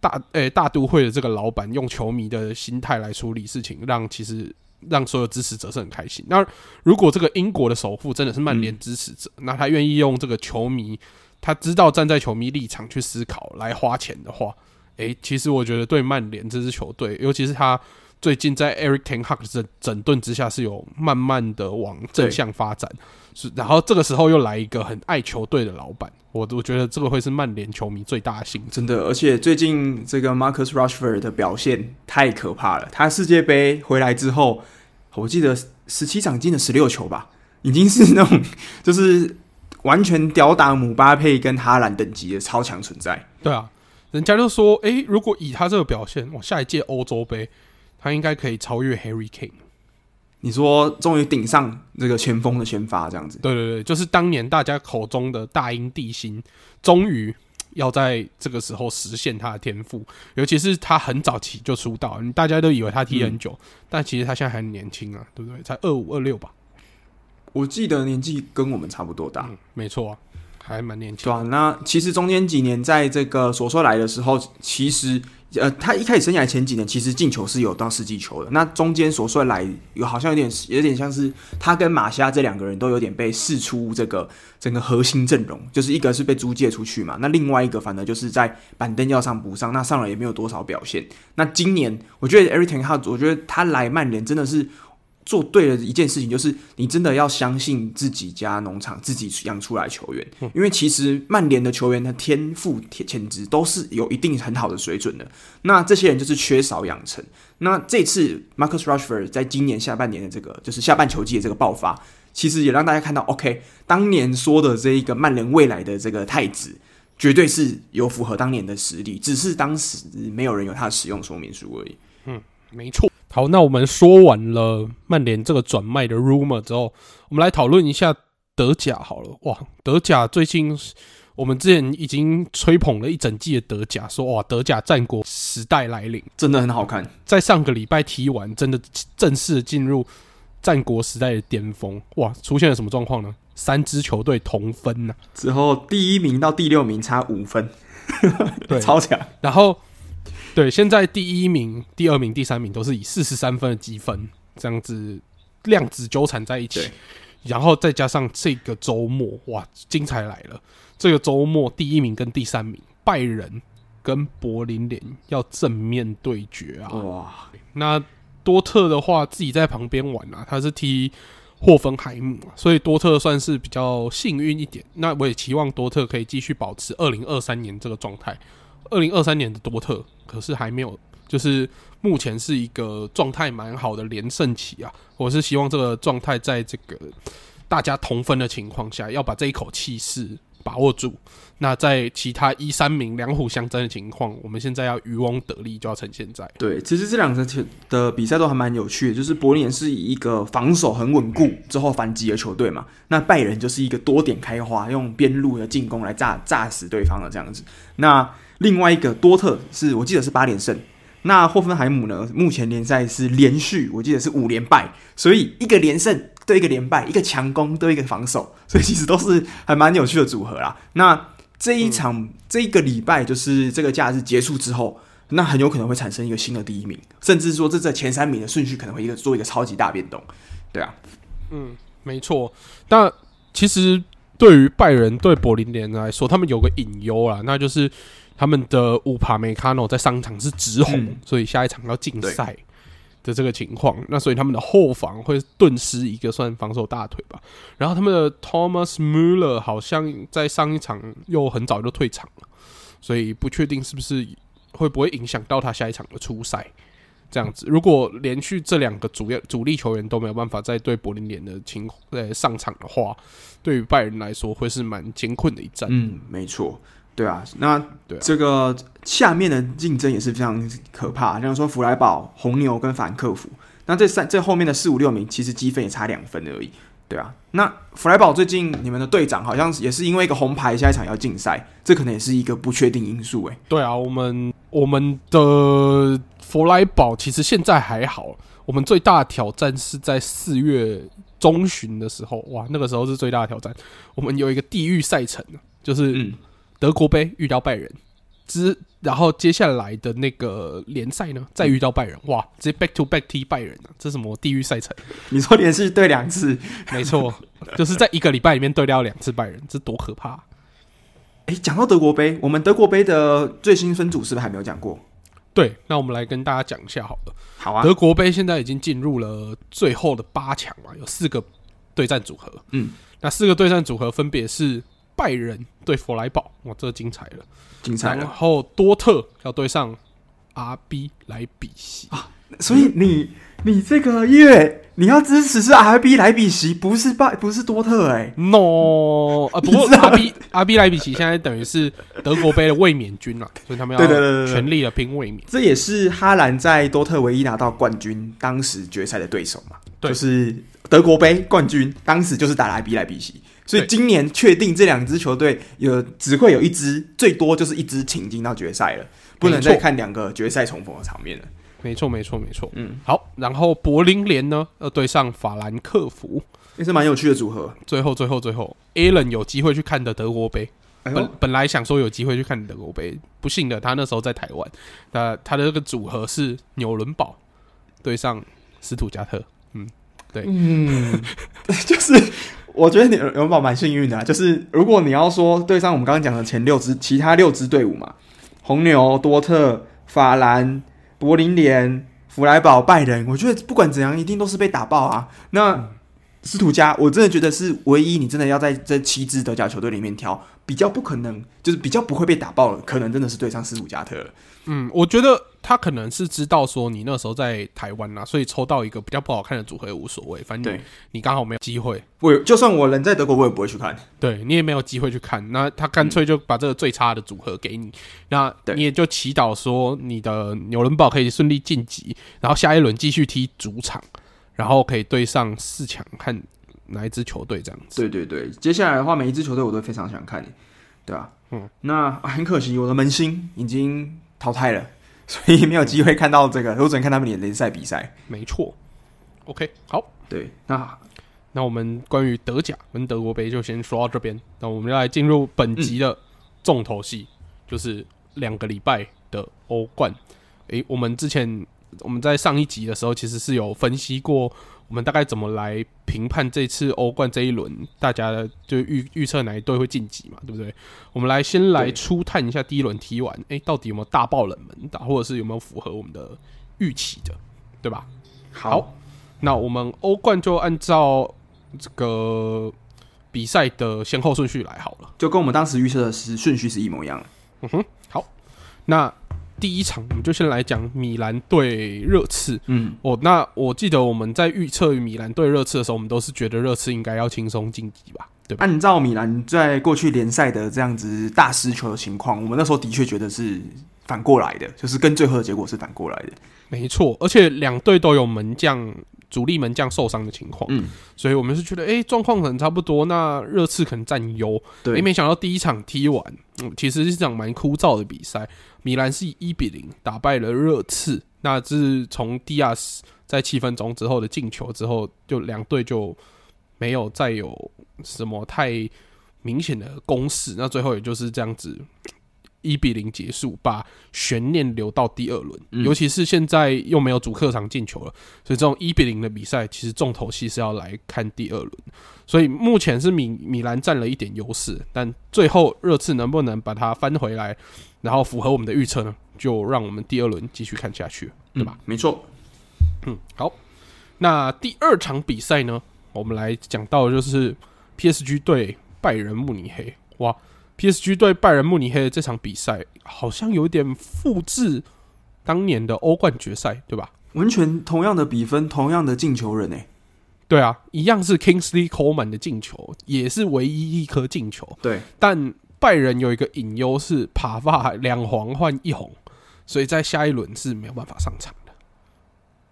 大誒、欸、大都會的這個老闆用球迷的心態來處理事情，讓其實讓所有支持者是很開心。那如果這個英國的首富真的是曼聯支持者，嗯、那他願意用這個球迷，他知道站在球迷立場去思考來花錢的話，誒、欸，其實我覺得對曼聯這支球隊，尤其是他最近在 Erik ten Hag 的整頓之下，是有慢慢的往正向發展。然後這個時候又來一個很愛球隊的老闆，我我覺得這個會是曼聯球迷最大心，真的，而且最近這個 Marcus Rashford 的表現太可怕了，他世界杯回來之後，我記得十七場進了十六球吧，已經是那種就是完全吊打姆巴佩跟哈蘭等級的超強存在。對啊，人家就說，誒，如果以他這個表現，我下一屆歐洲杯，他應該可以超越 Harry Kane。你說終於頂上這個前鋒的先發這樣子，對對對，就是當年大家口中的大英帝星，終於要在這個時候實現他的天賦。尤其是他很早期就出道，大家都以為他踢很久，嗯、但其實他現在還很年輕啊，對不對？才二五二六吧？我記得年紀跟我們差不多大，嗯、沒錯啊，還蠻年輕的。對啊，那其實中間幾年在這個索帥來的時候，其實。呃，他一開始生涯前幾年其實進球是有到十幾球的。那中間所說來，有好像有點有點像是他跟馬西亞這兩個人都有點被釋出這個整個核心陣容，就是一個是被租借出去嘛，那另外一個反而就是在板凳要上補上，那上了也沒有多少表現。那今年我覺得 Everything 他我覺得他來曼聯真的是。做對了一件事情，就是你真的要相信自己家農場自己養出來球員，嗯、因為其實曼聯的球員他天賦潛潛質都是有一定很好的水準的。那這些人就是缺少養成。那這次 Marcus Rashford 在今年下半年的這個就是下半球季的這個爆發，其實也讓大家看到，OK，當年說的這一個曼聯未來的這個太子，絕對是有符合當年的實力，只是當時沒有人有他使用說明書而已。嗯。沒錯，好，那我們說完了曼聯這個轉賣的 rumor 之後，我們來討論一下德甲好了。哇，德甲最近我們之前已經吹捧了一整季的德甲，說哇，德甲戰國時代來臨，真的很好看。在上個禮拜踢完，真的正式進入戰國時代的巔峰。哇，出現了什麼狀況呢？三支球隊同分吶、啊，之後第一名到第六名差五分， 對，超強。然後。對，現在第一名、第二名、第三名都是以四十三分的積分這樣子量子糾纏在一起，對然後再加上這個周末，哇，精彩來了！這個周末，第一名跟第三名拜仁跟柏林聯要正面對決啊！哇，那多特的話自己在旁邊玩啊，他是踢霍芬海姆啊，所以多特算是比較幸運一點。那我也期望多特可以繼續保持二零二三年這個狀態。二零二三年的多特可是還沒有，就是目前是一個狀態蠻好的連勝期啊！我是希望這個狀態在這個大家同分的情況下，要把這一口氣勢把握住。那在其他一三名兩虎相爭的情況，我們現在要漁翁得利，就要趁現在。對，其實這兩個球的比賽都還蠻有趣的，就是柏林是以一個防守很穩固之後反擊的球隊嘛，那拜仁就是一個多點開花，用邊路的進攻來炸炸死對方的這樣子。那另外一個多特是我記得是八連勝，那霍芬海姆呢？目前聯賽是連續我記得是五連敗，所以一個連勝，對一個連敗，一個強攻，對一個防守，所以其實都是還蠻有趣的組合啦。那這一場，嗯、這一個禮拜就是這個假日結束之後，那很有可能會產生一個新的第一名，甚至說這這前三名的順序可能會一個做一個超級大變動，對啊？嗯，沒錯。那其實對於拜仁對柏林聯來說，他們有個隱憂啦，那就是。他們的烏帕梅卡諾在上一場是直紅，嗯、所以下一場要禁賽的這個情況，對那所以他們的後防會頓失一個算防守大腿吧。然後他們的 Thomas Müller 好像在上一場又很早就退場了，所以不確定是不是會不會影響到他下一場的出賽。這樣子，如果連續這兩個主要主力球員都沒有辦法在對柏林聯的情況呃上場的話，對於拜仁來說會是蠻艱困的一戰的。嗯，沒錯。對啊，那這個下面的競爭也是非常可怕。像說弗萊堡、紅牛跟法蘭克福，那這三這後面的四五六名其實積分也差兩分而已，對啊，那弗萊堡最近你們的隊長好像也是因為一個紅牌，下一場要禁賽，這可能也是一個不確定因素哎、欸。對啊，我們我們的弗萊堡其實現在還好，我們最大的挑戰是在四月中旬的時候，哇，那個時候是最大的挑戰。我們有一個地獄賽程，就是。嗯。德國盃遇到拜仁，之然後接下來的那個聯賽呢，再遇到拜仁，哇，直接 back to back 踢拜仁啊，這是什麼地獄賽程？你說連續對兩次沒錯？沒錯，就是在一個禮拜裡面對掉兩次拜仁，這多可怕、啊！誒、欸，講到德國盃，我們德國盃的最新分組是不是還沒有講過？對，那我們來跟大家講一下好了。好啊，德國盃現在已經進入了最後的八強啊，有四個對戰組合。嗯，那四個對戰組合分別是。拜仁對佛萊堡，哇，這精彩了，精彩！然後多特要對上 RB 萊比錫啊，所以你你這個月你要支持是 RB 萊比錫，不是拜不是多特哎、欸、，no 知啊，不是 RB。RB 萊比錫現在等於是德國杯的衛冕軍了、啊，所以他們要全力的拼衛冕。這也是哈蘭在多特唯一拿到冠軍，當時決賽的對手嘛，對 就是德國杯冠軍，當時就是打 RB 萊比錫。所以今年確定這兩支球隊有只會有一支，最多就是一支挺進到決賽了，不能再看兩個決賽重逢的場面了。沒錯，沒錯，沒錯。嗯，好，然後柏林聯呢，要對上法蘭克福，也是蠻有趣的組合。最後，最，後最後，最後，最後，Allen 有機會去看的德國杯，哎呦，本本來想說有機會去看德國杯，不幸的他那時候在台灣，那他的那個組合是紐倫堡對上斯圖加特。嗯，對，嗯，就是。我覺得你尤尤寶蠻幸運的啊，就是如果你要說對上我們剛剛講的前六支其他六支隊伍嘛，紅牛、多特、法蘭、柏林聯、弗萊堡、拜仁，我覺得不管怎樣，一定都是被打爆啊。那斯圖加，我真的覺得是唯一你真的要在這七支德甲球隊裡面挑，比較不可能，就是比較不會被打爆了，可能真的是對上斯圖加特了。嗯，我覺得他可能是知道說你那時候在台灣吶，所以抽到一個比較不好看的組合也無所謂，反正你，對你剛好沒有機會。我就算我人在德國，我也不會去看。對你也沒有機會去看。那他乾脆就把這個最差的組合給你，嗯、那你也就祈禱說你的紐倫堡可以順利晉級，然後下一輪繼續踢主場，然後可以對上四強看哪一支球隊這樣子。對對對，接下來的話，每一支球隊我都非常想看你，對吧、啊？嗯，那很可惜，我的門興已經淘汰了，所以沒有機會看到這個。嗯、我只能看他們的聯賽比賽。沒錯，OK，好，對，那那我們關於德甲跟德國杯就先說到這邊。那我們要來進入本集的重頭戲，嗯、就是兩個禮拜的歐冠。誒、欸，我們之前我們在上一集的時候其實是有分析過。我們大概怎麼來評判這次歐冠這一輪，大家就預預測哪一隊會晉級嘛，對不對？我們來先來初探一下第一輪踢完，誒對、欸，到底有沒有大爆冷門的，或者是有沒有符合我們的預期的，對吧？好，好，那我們歐冠就按照這個比賽的先後順序來好了，就跟我們當時預測的是順序是一模一樣的。嗯哼，好，那。第一場，我們就先來講米蘭對熱刺。嗯，哦，oh, 那我記得我們在預測米蘭對熱刺的時候，我們都是覺得熱刺應該要輕鬆晉級吧？對吧。按照米蘭在過去聯賽的這樣子大失球的情況，我們那時候的確覺得是反過來的，就是跟最後的結果是反過來的。沒錯，而且兩隊都有門將主力門將受傷的情況，嗯，所以我們是覺得，誒、欸，狀況可能差不多，那熱刺可能占優，對，沒想到第一場踢完，嗯、其實是一場蠻枯燥的比賽，米蘭是以一比零打敗了熱刺。那自從迪亞斯在七分鐘之後的進球之後，就兩隊就沒有再有什麼太明顯的攻勢，那最後也就是這樣子。一比零結束，把懸念留到第二輪，尤其是現在又沒有主客場進球了，所以這種一比零的比賽，其實重頭戲是要來看第二輪。所以目前是米米蘭佔了一點優勢，但最後熱刺能不能把它翻回來，然後符合我們的預測呢？就讓我們第二輪繼續看下去，嗯、對吧？沒錯。嗯，好。那第二場比賽呢？我們來講到的就是 PSG 對拜仁慕尼黑。哇！PSG 對拜仁慕尼黑的這場比賽，好像有點複製當年的歐冠決賽，對吧？完全同樣的比分，同樣的進球人、欸，呢？對啊，一樣是 Kingsley Coleman 的進球，也是唯一一顆進球。對，但拜仁有一個隱憂是帕瓦兩黃換一紅，所以在下一輪是沒有辦法上場。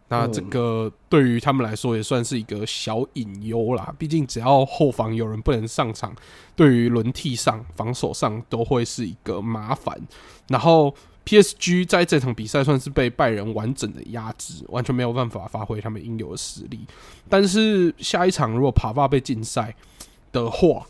那這個對於他們來說也算是一個小隱憂啦，畢竟只要後防有人不能上場，對於輪替上、防守上都會是一個麻煩。然後，PSG 在這場比賽算是被拜仁完整的壓制，完全沒有辦法發揮他們應有的實力。但是下一場如果帕帕被禁賽的話，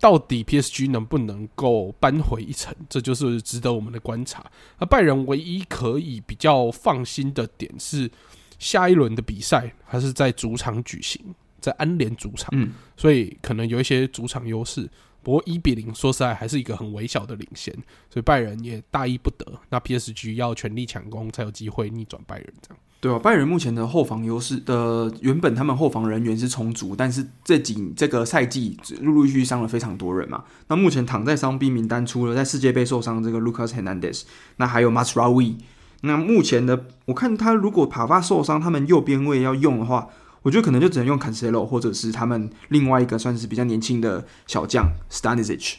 到底 PSG 能不能夠扳回一城？這就是值得我們的觀察。那拜仁唯一可以比較放心的點是，下一輪的比賽還是在主場舉行，在安聯主場，嗯，所以可能有一些主場優勢。不過一比零，說實在還是一個很微小的領先，所以拜仁也大意不得。那 PSG 要全力搶攻，才有機會逆轉拜仁這樣。對啊，拜仁目前的後防優勢的原本他們後防人員是充足，但是這幾這個賽季陸陸續續傷了非常多人嘛。那目前躺在傷兵名單除了，在世界杯受傷的這個 Lucas Hernandez，那還有 Mazraoui 那目前的我看他如果帕發受傷，他們右邊位要用的話，我覺得可能就只能用 Cancelo 或者是他們另外一個算是比較年輕的小將 Stanisic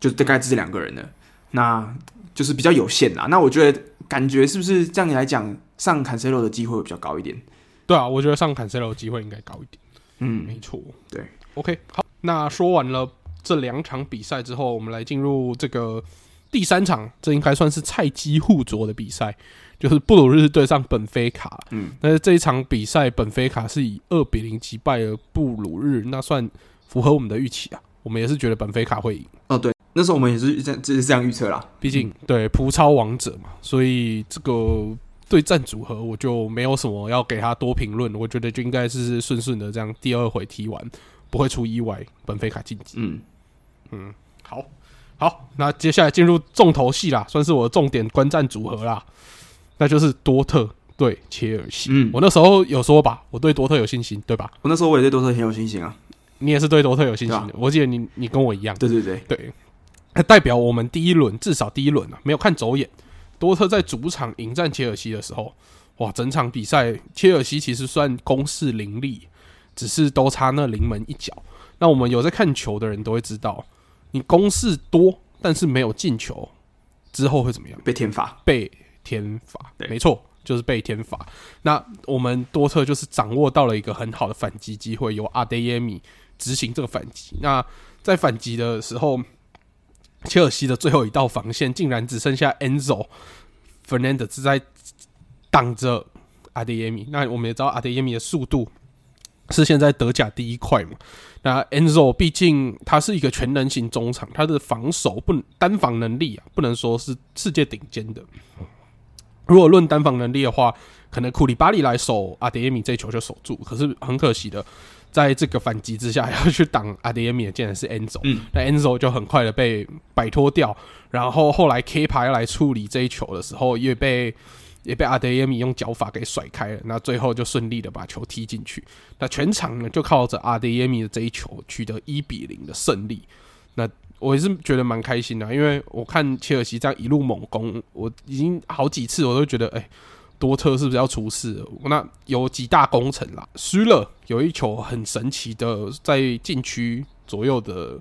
就大概是這兩個人了，那就是比較有限啦。那我覺得感覺是不是這樣來講？上坎塞羅的機會比較高一點，對啊，我覺得上坎塞羅機會應該高一點。嗯，沒錯錯，對。OK，好，那說完了這兩場比賽之後，我們來進入這個第三場，這應該算是菜雞互啄的比賽，就是布魯日對上本菲卡。嗯，但是這一場比賽，本菲卡是以二比零擊敗了布魯日，那算符合我們的預期啊。我們也是覺得本菲卡會贏。哦，對，那時候我們也是這樣，是這樣預測啦。畢竟對葡超王者嘛，所以這個。對戰組合，我就沒有什麼要給他多評論。我覺得就應該是順順的，這樣第二回踢完不會出意外。本菲卡晉級，嗯嗯，好好，那接下來進入重頭戲啦，算是我的重點觀戰組合啦，哇那就是多特對切爾西。嗯，我那時候有說吧，我對多特有信心，對吧？我那時候我也對多特很有信心啊。你也是對多特有信心的，吧我記得你你跟我一樣。對對對對，代表我們第一輪至少第一輪啊，沒有看走眼。多特在主場迎戰切爾西的時候，哇，整場比賽切爾西其實算攻勢凌厲，只是都差那臨門一腳。那我們有在看球的人都會知道，你攻勢多但是沒有進球之後會怎麼樣？被天罰。被天罰，對沒錯，就是被天罰。那我們多特就是掌握到了一個很好的反擊機會，由阿德耶米執行這個反擊。那在反擊的時候。切爾西的最後一道防線竟然只剩下 Enzo Fernandez 是在擋着阿德耶米。那我們也知道阿德耶米的速度是現在德甲第一快嘛？那 Enzo 畢竟他是一個全能型中場，他的防守不能單防能力啊，不能說是世界頂尖的。如果論單防能力的話，可能庫里巴利來守阿德耶米這一球就守住，可是很可惜的。在這個反擊之下，要去擋阿德耶米的，竟然是 a n 恩佐。那恩佐就很快的被擺脫掉，然後後來 K 帕來處理這一球的時候，也被也被阿德耶米用腳法給甩開了。那最後就順利的把球踢進去。那全場呢，就靠着阿德耶米的這一球取得一比零的勝利。那我也是覺得蠻開心的、啊，因為我看切爾西這樣一路猛攻，我已經好幾次我都覺得，哎、欸。多特是不是要出事？那有幾大功臣啦，輸了有一球很神奇的在禁區左右的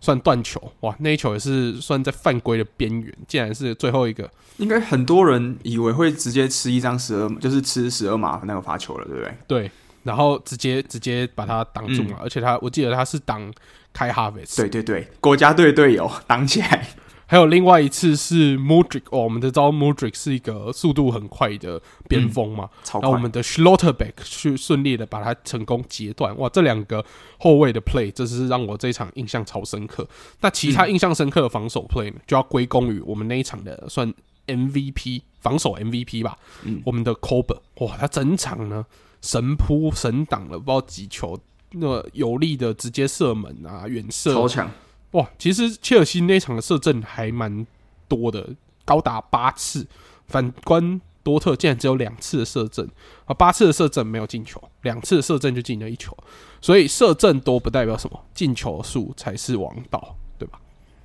算斷球，哇，那一球也是算在犯規的邊緣，竟然是最後一個。應該很多人以為會直接吃一張十二，就是吃十二碼那個罰球了，對不對？對，然後直接直接把它擋住了，嗯，而且他我記得他是擋開哈維，對對對，國家隊隊友擋起來。還有另外一次是 Mudryk，、哦、我們都知道 Mudryk 是一個速度很快的邊鋒嘛，嗯、然後我們的 Schlotterbeck 順順利的把他成功截斷，哇，這兩個後衛的 play 真是讓我這一場印象超深刻。那其他印象深刻的防守 play 呢、嗯、就要歸功於我們那一場的算 MVP 防守 MVP 吧，嗯、我們的 Kobel 哇，他整場呢神撲神擋了不知道幾球，那麼有力的直接射門啊，遠射超強。哇，其實切爾西那場的射正還蠻多的，高達八次。反觀多特，竟然只有兩次的射正，而八次的射正沒有進球，兩次的射正就進了一球。所以射正多不代表什麼，進球數才是王道，對吧？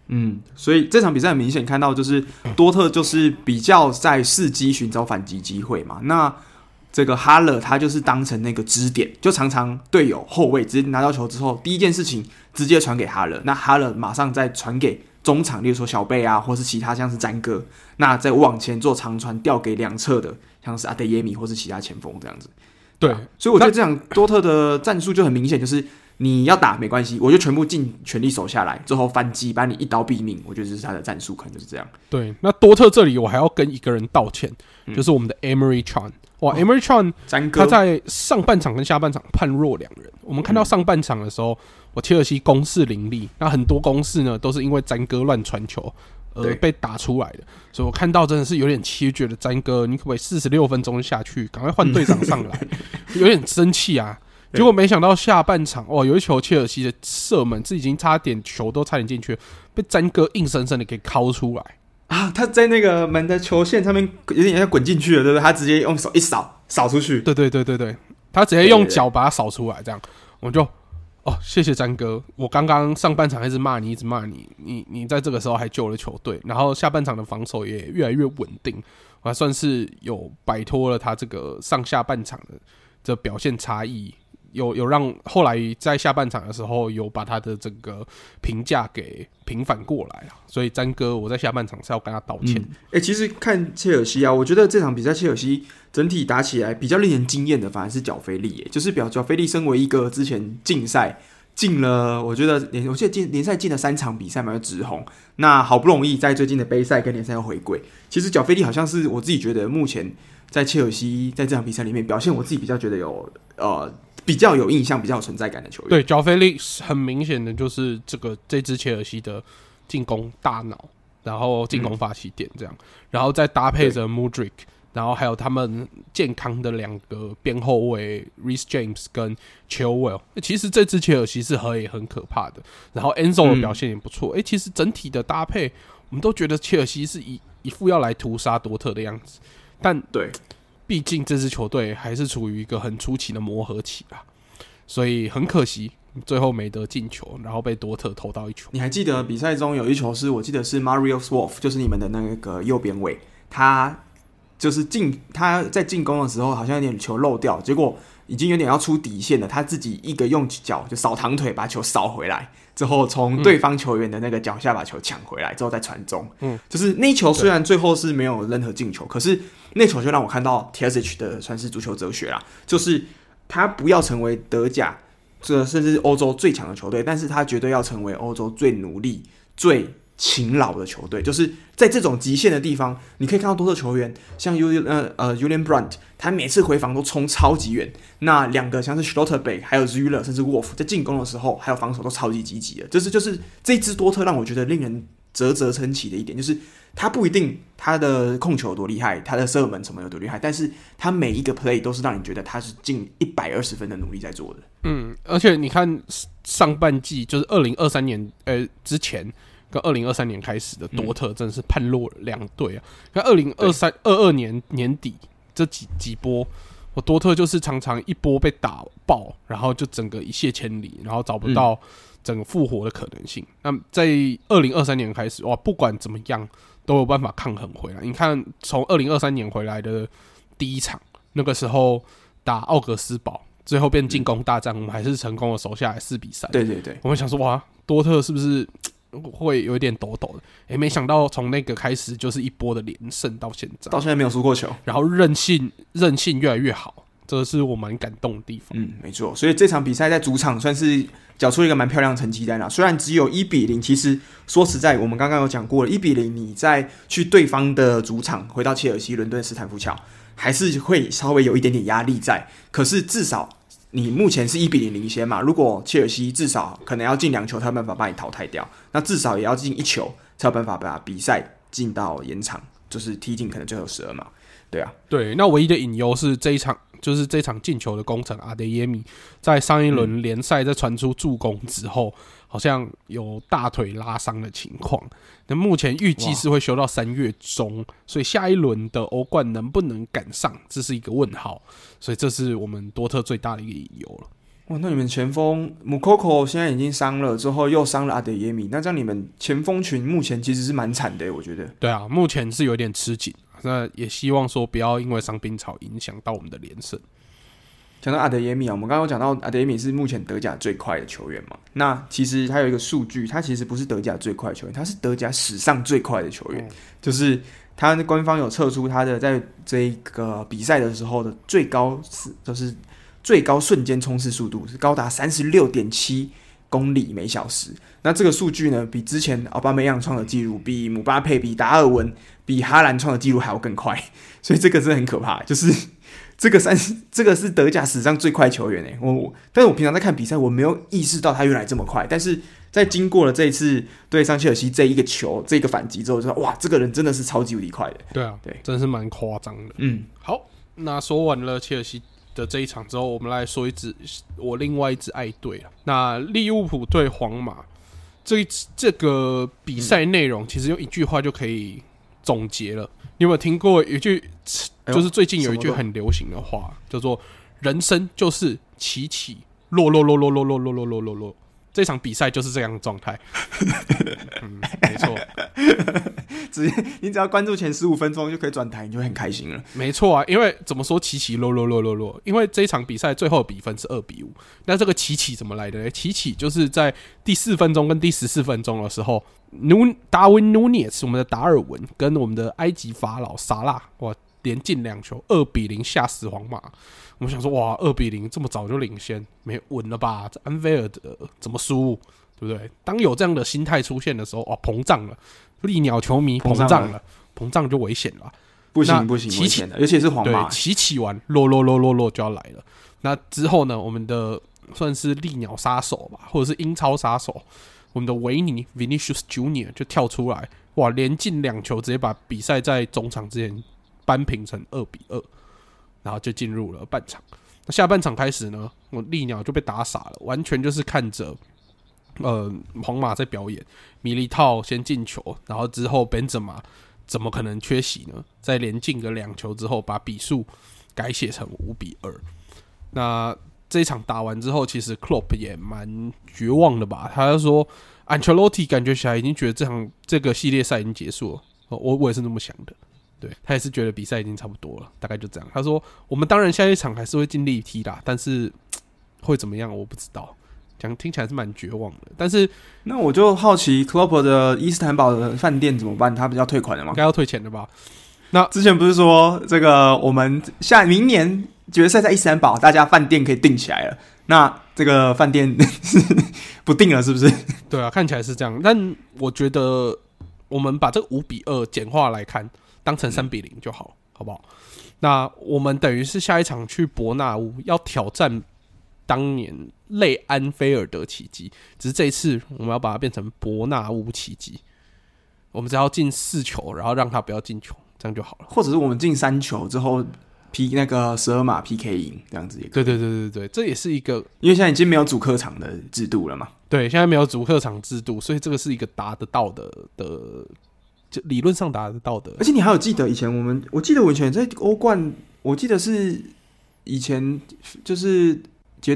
嗯，所以這場比賽很明顯看到，就是多特就是比較在伺機尋找反擊機會嘛。那這個哈勒他就是當成那個支點，就常常隊友後衛直接拿到球之後，第一件事情直接傳給哈勒，那哈勒馬上再傳給中場，例如說小貝啊，或是其他像是詹哥，那再往前做長傳，調給兩側的像是阿德耶米或是其他前鋒這樣子。對、啊，所以我覺得這樣多特的戰術就很明顯，就是那你要打沒關係，我就全部盡全力守下來，最後反擊把你一刀斃命。我覺得這是他的戰術，可能就是這樣。對，那多特這裡我還要跟一個人道歉，嗯、就是我們的 Emery Chan。哇 e m e r i Chan，他在上半場跟下半場判若兩人。我們看到上半場的時候，嗯、我切爾西攻勢凌厲，那很多攻勢呢都是因為詹哥亂傳球，而被打出來的。對所以我看到真的是有點氣絕的詹哥，你可不可以四十六分鐘下去，趕快換隊長上來？嗯、有點生氣啊！嗯、結果沒想到下半場，哇，有一球切爾西的射門，是已經差點球都差點進去，被詹哥硬生生的給摳出來。啊，他在那個門的球線上面有點要滾進去了，對不對？他直接用手一掃，掃出去。對對對對對，他直接用腳把他掃出來，這樣對對對我就哦，謝謝詹哥，我剛剛上半場一直罵你，一直罵你，你你在這個時候還救了球隊，然後下半場的防守也越來越穩定，我還算是有擺脫了他這個上下半場的的表現差異。有有讓後來在下半場的時候有把他的整個評價給平反過來啊，所以詹哥，我在下半場是要跟他道歉、嗯。誒、欸。其實看切爾西啊，我覺得這場比賽切爾西整體打起來比較令人驚艷的，反而是角菲利耶，就是表較角菲利身為一個之前禁賽禁了，我覺得聯我記得進聯賽禁了三場比賽嘛，就直紅。那好不容易在最近的杯賽跟聯賽又回歸，其實角菲利好像是我自己覺得目前在切爾西在這場比賽裡面表現，我自己比較覺得有呃。比較有印象、比較有存在感的球員，對 Joao Felix，很明顯的就是這個這支切爾西的進攻大腦，然後進攻發起點這樣，嗯、然後再搭配着 Mudryk，對然後還有他們健康的兩個邊後衛 Reece James 跟 Chilwell、欸、其實這支切爾西是可以很可怕的。然後 Enzo 的表現也不錯，哎、嗯欸，其實整體的搭配，我們都覺得切爾西是一一副要來屠殺多特的樣子，但對。畢竟這支球隊還是處於一個很初期的磨合期吧、啊，所以很可惜，最後沒得進球，然後被多特投到一球。你還記得比賽中有一球是我記得是 Marius Wolf，就是你們的那個右邊衛，他就是進，他在進攻的時候好像有點球漏掉，結果已經有點要出底線了，他自己一個用腳就掃堂腿把球掃回來。之後從對方球員的那個腳下把球搶回來，嗯、之後再傳中。嗯，就是那球雖然最後是沒有任何進球，對可是那球就讓我看到 Terzić 的算是足球哲學啦，就是他不要成為德甲這甚至是歐洲最強的球隊，但是他絕對要成為歐洲最努力最。勤勞的球隊，就是在這種極限的地方，你可以看到多特球員，像 U 呃呃、uh, Julian Brandt，他每次回防都衝超級遠。那兩個像是 Schlotterbeck 還有 Süle 甚至 Wolf，在進攻的時候還有防守都超級積極的。就是就是這支多特讓我覺得令人嘖嘖稱奇的一點，就是他不一定他的控球有多厲害，他的射門什麼有多厲害，但是他每一個 play 都是讓你覺得他是盡一百二十分的努力在做的。嗯，而且你看上半季就是二零二三年呃之前，跟二零二三年開始的多特、嗯、真是判若兩隊啊對，跟二零二三二二年年底，這幾幾波，我多特就是常常一波被打爆，然後就整個一瀉千里，然後找不到整個復活的可能性。那在二零二三年開始，哇，不管怎麼樣都有辦法抗衡回來。你看，從二零二三年回來的第一場，那個時候打奧格斯堡，最後變進攻大戰，我們還是成功的守下來四比三。對對對，對，我們想說，哇，多特是不是？會有點抖抖的，誒、欸，沒想到從那個開始就是一波的連勝到現在，到現在沒有輸過球，然後韌性韌性越來越好，這是我蠻感動的地方。嗯，沒錯，所以這場比賽在主場算是繳出一個蠻漂亮成績單了。雖然只有一比零，其實說實在，我們剛剛有講過了，一比零，你再去對方的主場，回到切爾西、倫敦、斯坦福橋，還是會稍微有一點點壓力在，可是至少。你目前是一比零領先嘛，如果切爾西至少可能要進兩球，才有辦法把你淘汰掉。那至少也要進一球，才有辦法把比賽進到延長，就是踢進可能最後十二嘛？對啊，對。那唯一的隱憂是這一場。就是這場進球的功臣阿德耶米，在上一輪聯賽在傳出助攻之後，好像有大腿拉傷的情況。那目前預計是會休到三月中，哇所以下一輪的歐冠能不能趕上，這是一個問號。所以這是我們多特最大的一個理由了。哇，那你們前鋒穆科科現在已經傷了，之後又傷了阿德耶米，那這樣你們前鋒群目前其實是蠻慘的，欸，我覺得。對啊，目前是有點吃緊。那也希望說不要因為傷兵潮影響到我們的連勝。講到阿德耶米啊，我們剛剛有講到阿德耶米是目前德甲最快的球員嘛？那其實他有一個數據，他其實不是德甲最快的球員，他是德甲史上最快的球員。嗯、就是他官方有測出他的在這個比賽的時候的最高是，就是最高瞬間衝刺速度是高達三十六點七公里每小時。那這個數據呢，比之前奧巴梅揚創的紀錄，比姆巴佩，比達爾文。嗯比哈蘭創的紀錄還要更快，所以這個真的很可怕。就是這個三這個是德甲史上最快球員哎、欸！我，我，但是我平常在看比賽，我沒有意識到他原來這麼快。但是在經過了這一次對上切爾西這一個球、這一個反擊之後，就說哇，這個人真的是超級無敵快的。對啊，對，真是蠻誇張的。嗯，好，那說完了切爾西的這一場之後，我們來說一支我另外一支愛隊了，那利物浦對皇馬這一這個比賽內容，其實用一句話就可以。總結了，你有沒有聽過一句，就是最近有一句很流行的話，叫做“人生就是起起落落落落落落落落落落落”，這場比賽就是這樣的狀態。嗯，沒錯。 你只要關注前十五分鐘就可以轉台，你就會很開心了。嗯嗯嗯嗯嗯、沒錯啊，因為怎麼說奇奇，起起落落落落落。因為這一場比賽最後的比分是二比五。那這個起起怎麼來的呢？起起就是在第四分鐘跟第十四分鐘的時候，Darwin Nunez，我們的達爾文跟我們的埃及法老薩拉，哇，連進兩球，二比零嚇死皇馬。我們想說，哇，二比零這麼早就領先，沒穩了吧？安菲爾德怎麼輸？對不對？當有這樣的心態出現的時候，哦，膨脹了。利鳥球迷膨脹了，膨脹就危險了、啊，不行不行，危險了而且是皇馬起起完落落落落落就要來了。那之後呢？我們的算是利鳥殺手吧，或者是英超殺手，我們的維尼 Vinicius Junior 就跳出來，哇，連進兩球，直接把比賽在中場之前扳平成二比二，然後就進入了半場。那下半場開始呢？我利鳥就被打傻了，完全就是看着。呃，皇馬在表演，米利唐先進球，然後之後本澤馬怎麼可能缺席呢？再連進個兩球之後，把比數改寫成五比二。那這一場打完之後，其實克洛普也蠻絕望的吧？他就說：“安切洛蒂感覺起來已經覺得這場這個系列賽已經結束了。”呃，我我也是那麼想的，對，他也是覺得比賽已經差不多了，大概就這樣。他說：“我們當然下一場還是會盡力踢啦，但是會怎麼樣，我不知道。”講聽起來是蠻絕望的，但是那我就好奇，Klopp 的伊斯坦堡的飯店怎麼辦？他要退款了嗎？該要退錢的吧？那之前不是說這個我們下明年決賽在伊斯坦堡，大家飯店可以訂起來了？那這個飯店是 不訂了？是不是？對啊，看起來是這樣。但我覺得我們把這五比二簡化來看，當成三比零就好，好不好？那我們等於是下一場去伯納烏要挑戰。當年內安菲爾德奇蹟，只是這一次我們要把它變成伯納烏奇蹟。我們只要進四球，然後讓他不要進球，這樣就好了。或者是我們進三球之後，P 那個十二碼 PK 贏，這樣子也可以。對對對對對，這也是一個，因為現在已經沒有主客場的制度了嘛。對，現在沒有主客場制度，所以這個是一個達得到的的，就理論上達得到的。而且你還有記得以前我們，我記得我以前在歐冠，我記得是以前就是。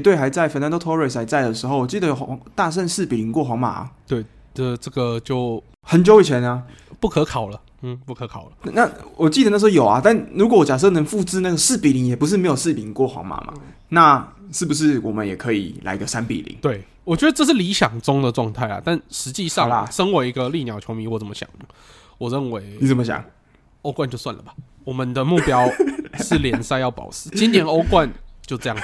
絕對還在 Fernando Torres 對弦還在的時候，我記得有大勝四比零過皇馬，啊。對，的這個就很久以前啊，不可考了。嗯，不可考了。那我記得那時候有啊，但如果我假設能複製那個四比零，也不是沒有四比零過皇馬嘛。那是不是我們也可以來個三比零？對，我覺得這是理想中的狀態啊。但實際上啦，身為一個利鳥球迷，我怎麼想？我認為你怎麼想？歐冠就算了吧。我們的目標是聯賽要保持 今年歐冠就這樣吧。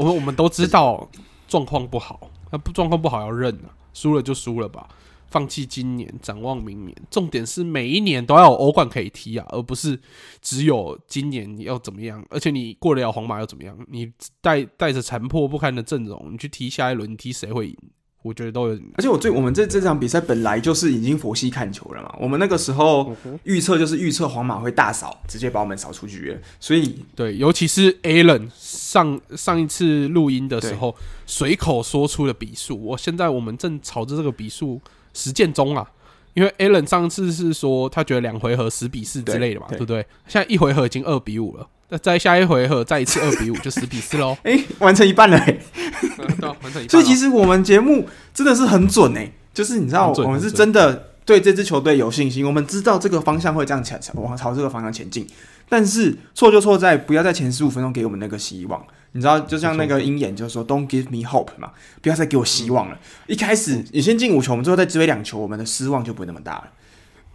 我們我們都知道狀況不好，那狀況不好要認啊，輸了就輸了吧，放棄今年，展望明年。重點是每一年都要有歐冠可以踢啊，而不是只有今年你要怎麼樣？而且你過得了皇馬又怎麼樣？你帶帶着殘破不堪的陣容，你去踢下一輪，你踢誰會贏？我覺得都有，而且我最我們這這場比賽本來就是已經佛系看球了嘛。我們那個時候預測就是預測皇馬會大掃，直接把我們掃出局了。所以對，尤其是 Alan 上上一次錄音的時候對隨口說出了比數，我現在我們正朝着這個比數實踐中啊。因為 Alan 上次是說他覺得兩回合十比四之類的嘛，對，對，對不對？現在一回合已經二比五了。再在下一回合再一次二比五就十比四嘍。誒、 欸欸，啊啊，完成一半了。完成一半。所以其實我們節目真的是很準誒、欸，就是你知道，我們是真的對這支球隊有信心，我們知道這個方向會這樣前往朝這個方向前進。但是錯就錯在不要在前十五分鐘給我們那個希望，你知道，就像那個鷹眼就是說、嗯、“Don't give me hope” 嘛，不要再給我希望了。嗯、一開始你先進五球，我們最後再追兩球，我們的失望就不會那麼大了。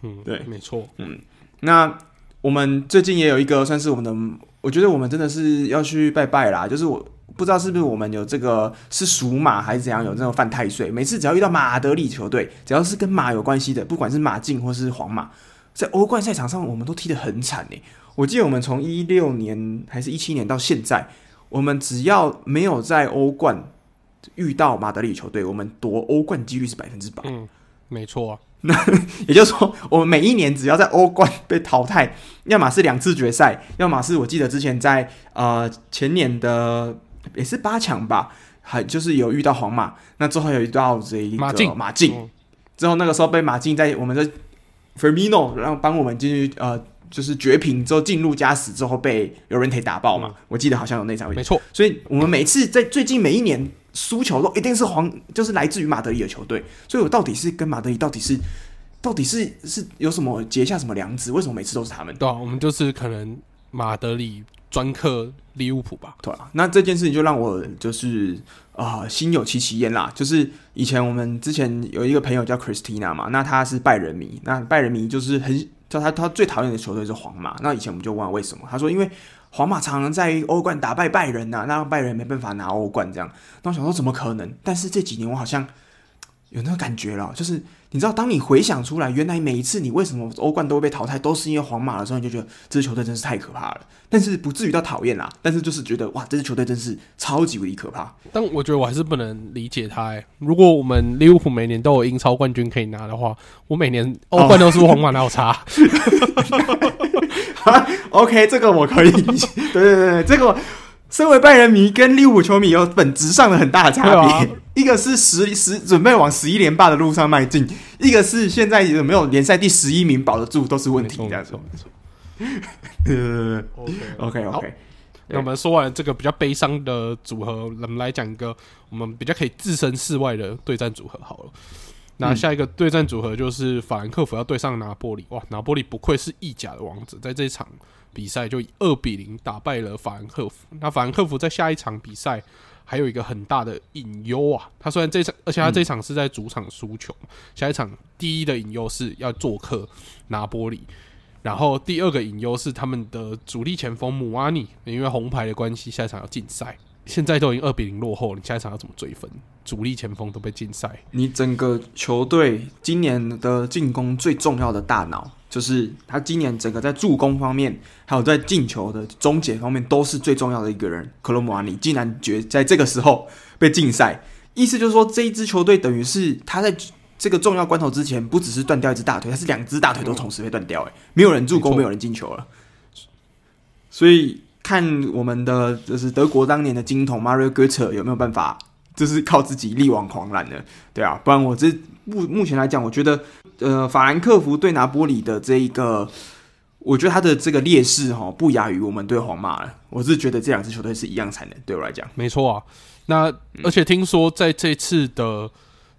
嗯，對，沒錯錯。嗯，那。我們最近也有一個算是我們的，我覺得我們真的是要去拜拜啦。就是我不知道是不是我們有這個是屬馬還是怎樣，有這種犯太歲。每次只要遇到馬德里球隊，只要是跟馬有關係的，不管是馬競或是皇馬，在歐冠賽場上，我們都踢得很慘呢、欸。我記得我們從一六年還是一七年到現在，我們只要沒有在歐冠遇到馬德里球隊，我們奪歐冠幾率是百分之百。嗯，沒錯、啊。那 也就是說，我們每一年只要在歐冠被淘汰，要麼是兩次決賽，要麼是……我記得之前在呃前年的也是八強吧，還就是有遇到皇馬，那之後有一道這個馬競，馬競之後那個時候被馬競在我們的 Firmino 讓幫我們進去呃。就是絕平之後進入加時之後被尤文圖打爆嘛？嗯、我記得好像有那場沒錯，所以我們每次在最近每一年輸球都一定是黃，就是來自於馬德里的球隊。所以我到底是跟馬德里到底是到底是是有什麼結下什麼梁子？為什麼每次都是他們？嗯、對啊，我們就是可能馬德里專克利物浦吧？對啊，那這件事情就讓我就是啊、呃、心有戚戚焉啦。就是以前我們之前有一個朋友叫 Christina 嘛，那他是拜仁迷，那拜仁迷就是很。叫他，他最討厭的球隊是皇馬。那以前我們就問了為什麼，他說因為皇馬常常在歐冠打敗拜仁吶，那拜仁沒辦法拿歐冠這樣。那我想說怎麼可能？但是這幾年我好像，有那個感覺了，就是你知道，當你回想出來，原來每一次你為什麼歐冠都會被淘汰，都是因為皇馬的時候，你就覺得這支球隊真是太可怕了。但是不至於到討厭啦，但是就是覺得哇，這支球隊真是超級無敵可怕。但我覺得我還是不能理解他、欸。如果我們利物浦每年都有英超冠軍可以拿的話，我每年歐冠都是皇馬哪有差？OK，這個我可以。 對，對對對，這個。身為拜仁迷跟利物浦球迷有本質上的很大的差別，啊、一個是十十準備往十一連霸的路上邁進，一個是現在有沒有聯賽第十一名保得住都是問題。這樣說沒錯，沒錯 ，OK OK OK，好對那我們說完這個比較悲傷的組合，我們來講一個我們比較可以置身事外的對戰組合好了。那下一個對戰組合就是法蘭克福要對上拿坡里，哇，拿坡里不愧是意甲的王子，在這場比賽就以二比零打敗了法蘭克福。那法蘭克福在下一場比賽還有一個很大的隱憂啊，他雖然這場，而且他這場是在主場輸球，下一場第一的隱憂是要做客拿坡里，然後第二個隱憂是他們的主力前鋒姆阿尼，因為紅牌的關係，下一場要禁賽。現在都已經二比零落後，你下一場要怎麼追分？主力前鋒都被禁賽，你整個球隊今年的進攻最重要的大腦，就是他今年整個在助攻方面，還有在進球的終結方面，都是最重要的一個人。克羅姆瓦尼竟然覺在這個時候被禁賽，意思就是說這一支球隊等於是他在這個重要關頭之前，不只是斷掉一只大腿，他是兩只大腿都同時被斷掉，哎，沒有人助攻，沒有人進球了，沒錯 所以。看我們的就是德國當年的金童 Mario Götze 有沒有辦法，就是靠自己力挽狂瀾的。對啊，不然我這目目前來講，我覺得呃法蘭克福對拿玻里的這一個，我覺得他的這個劣勢哈，不亞於我們對皇馬了，我是覺得這兩支球隊是一樣殘忍，對我來講，沒錯啊。那而且聽說在這次的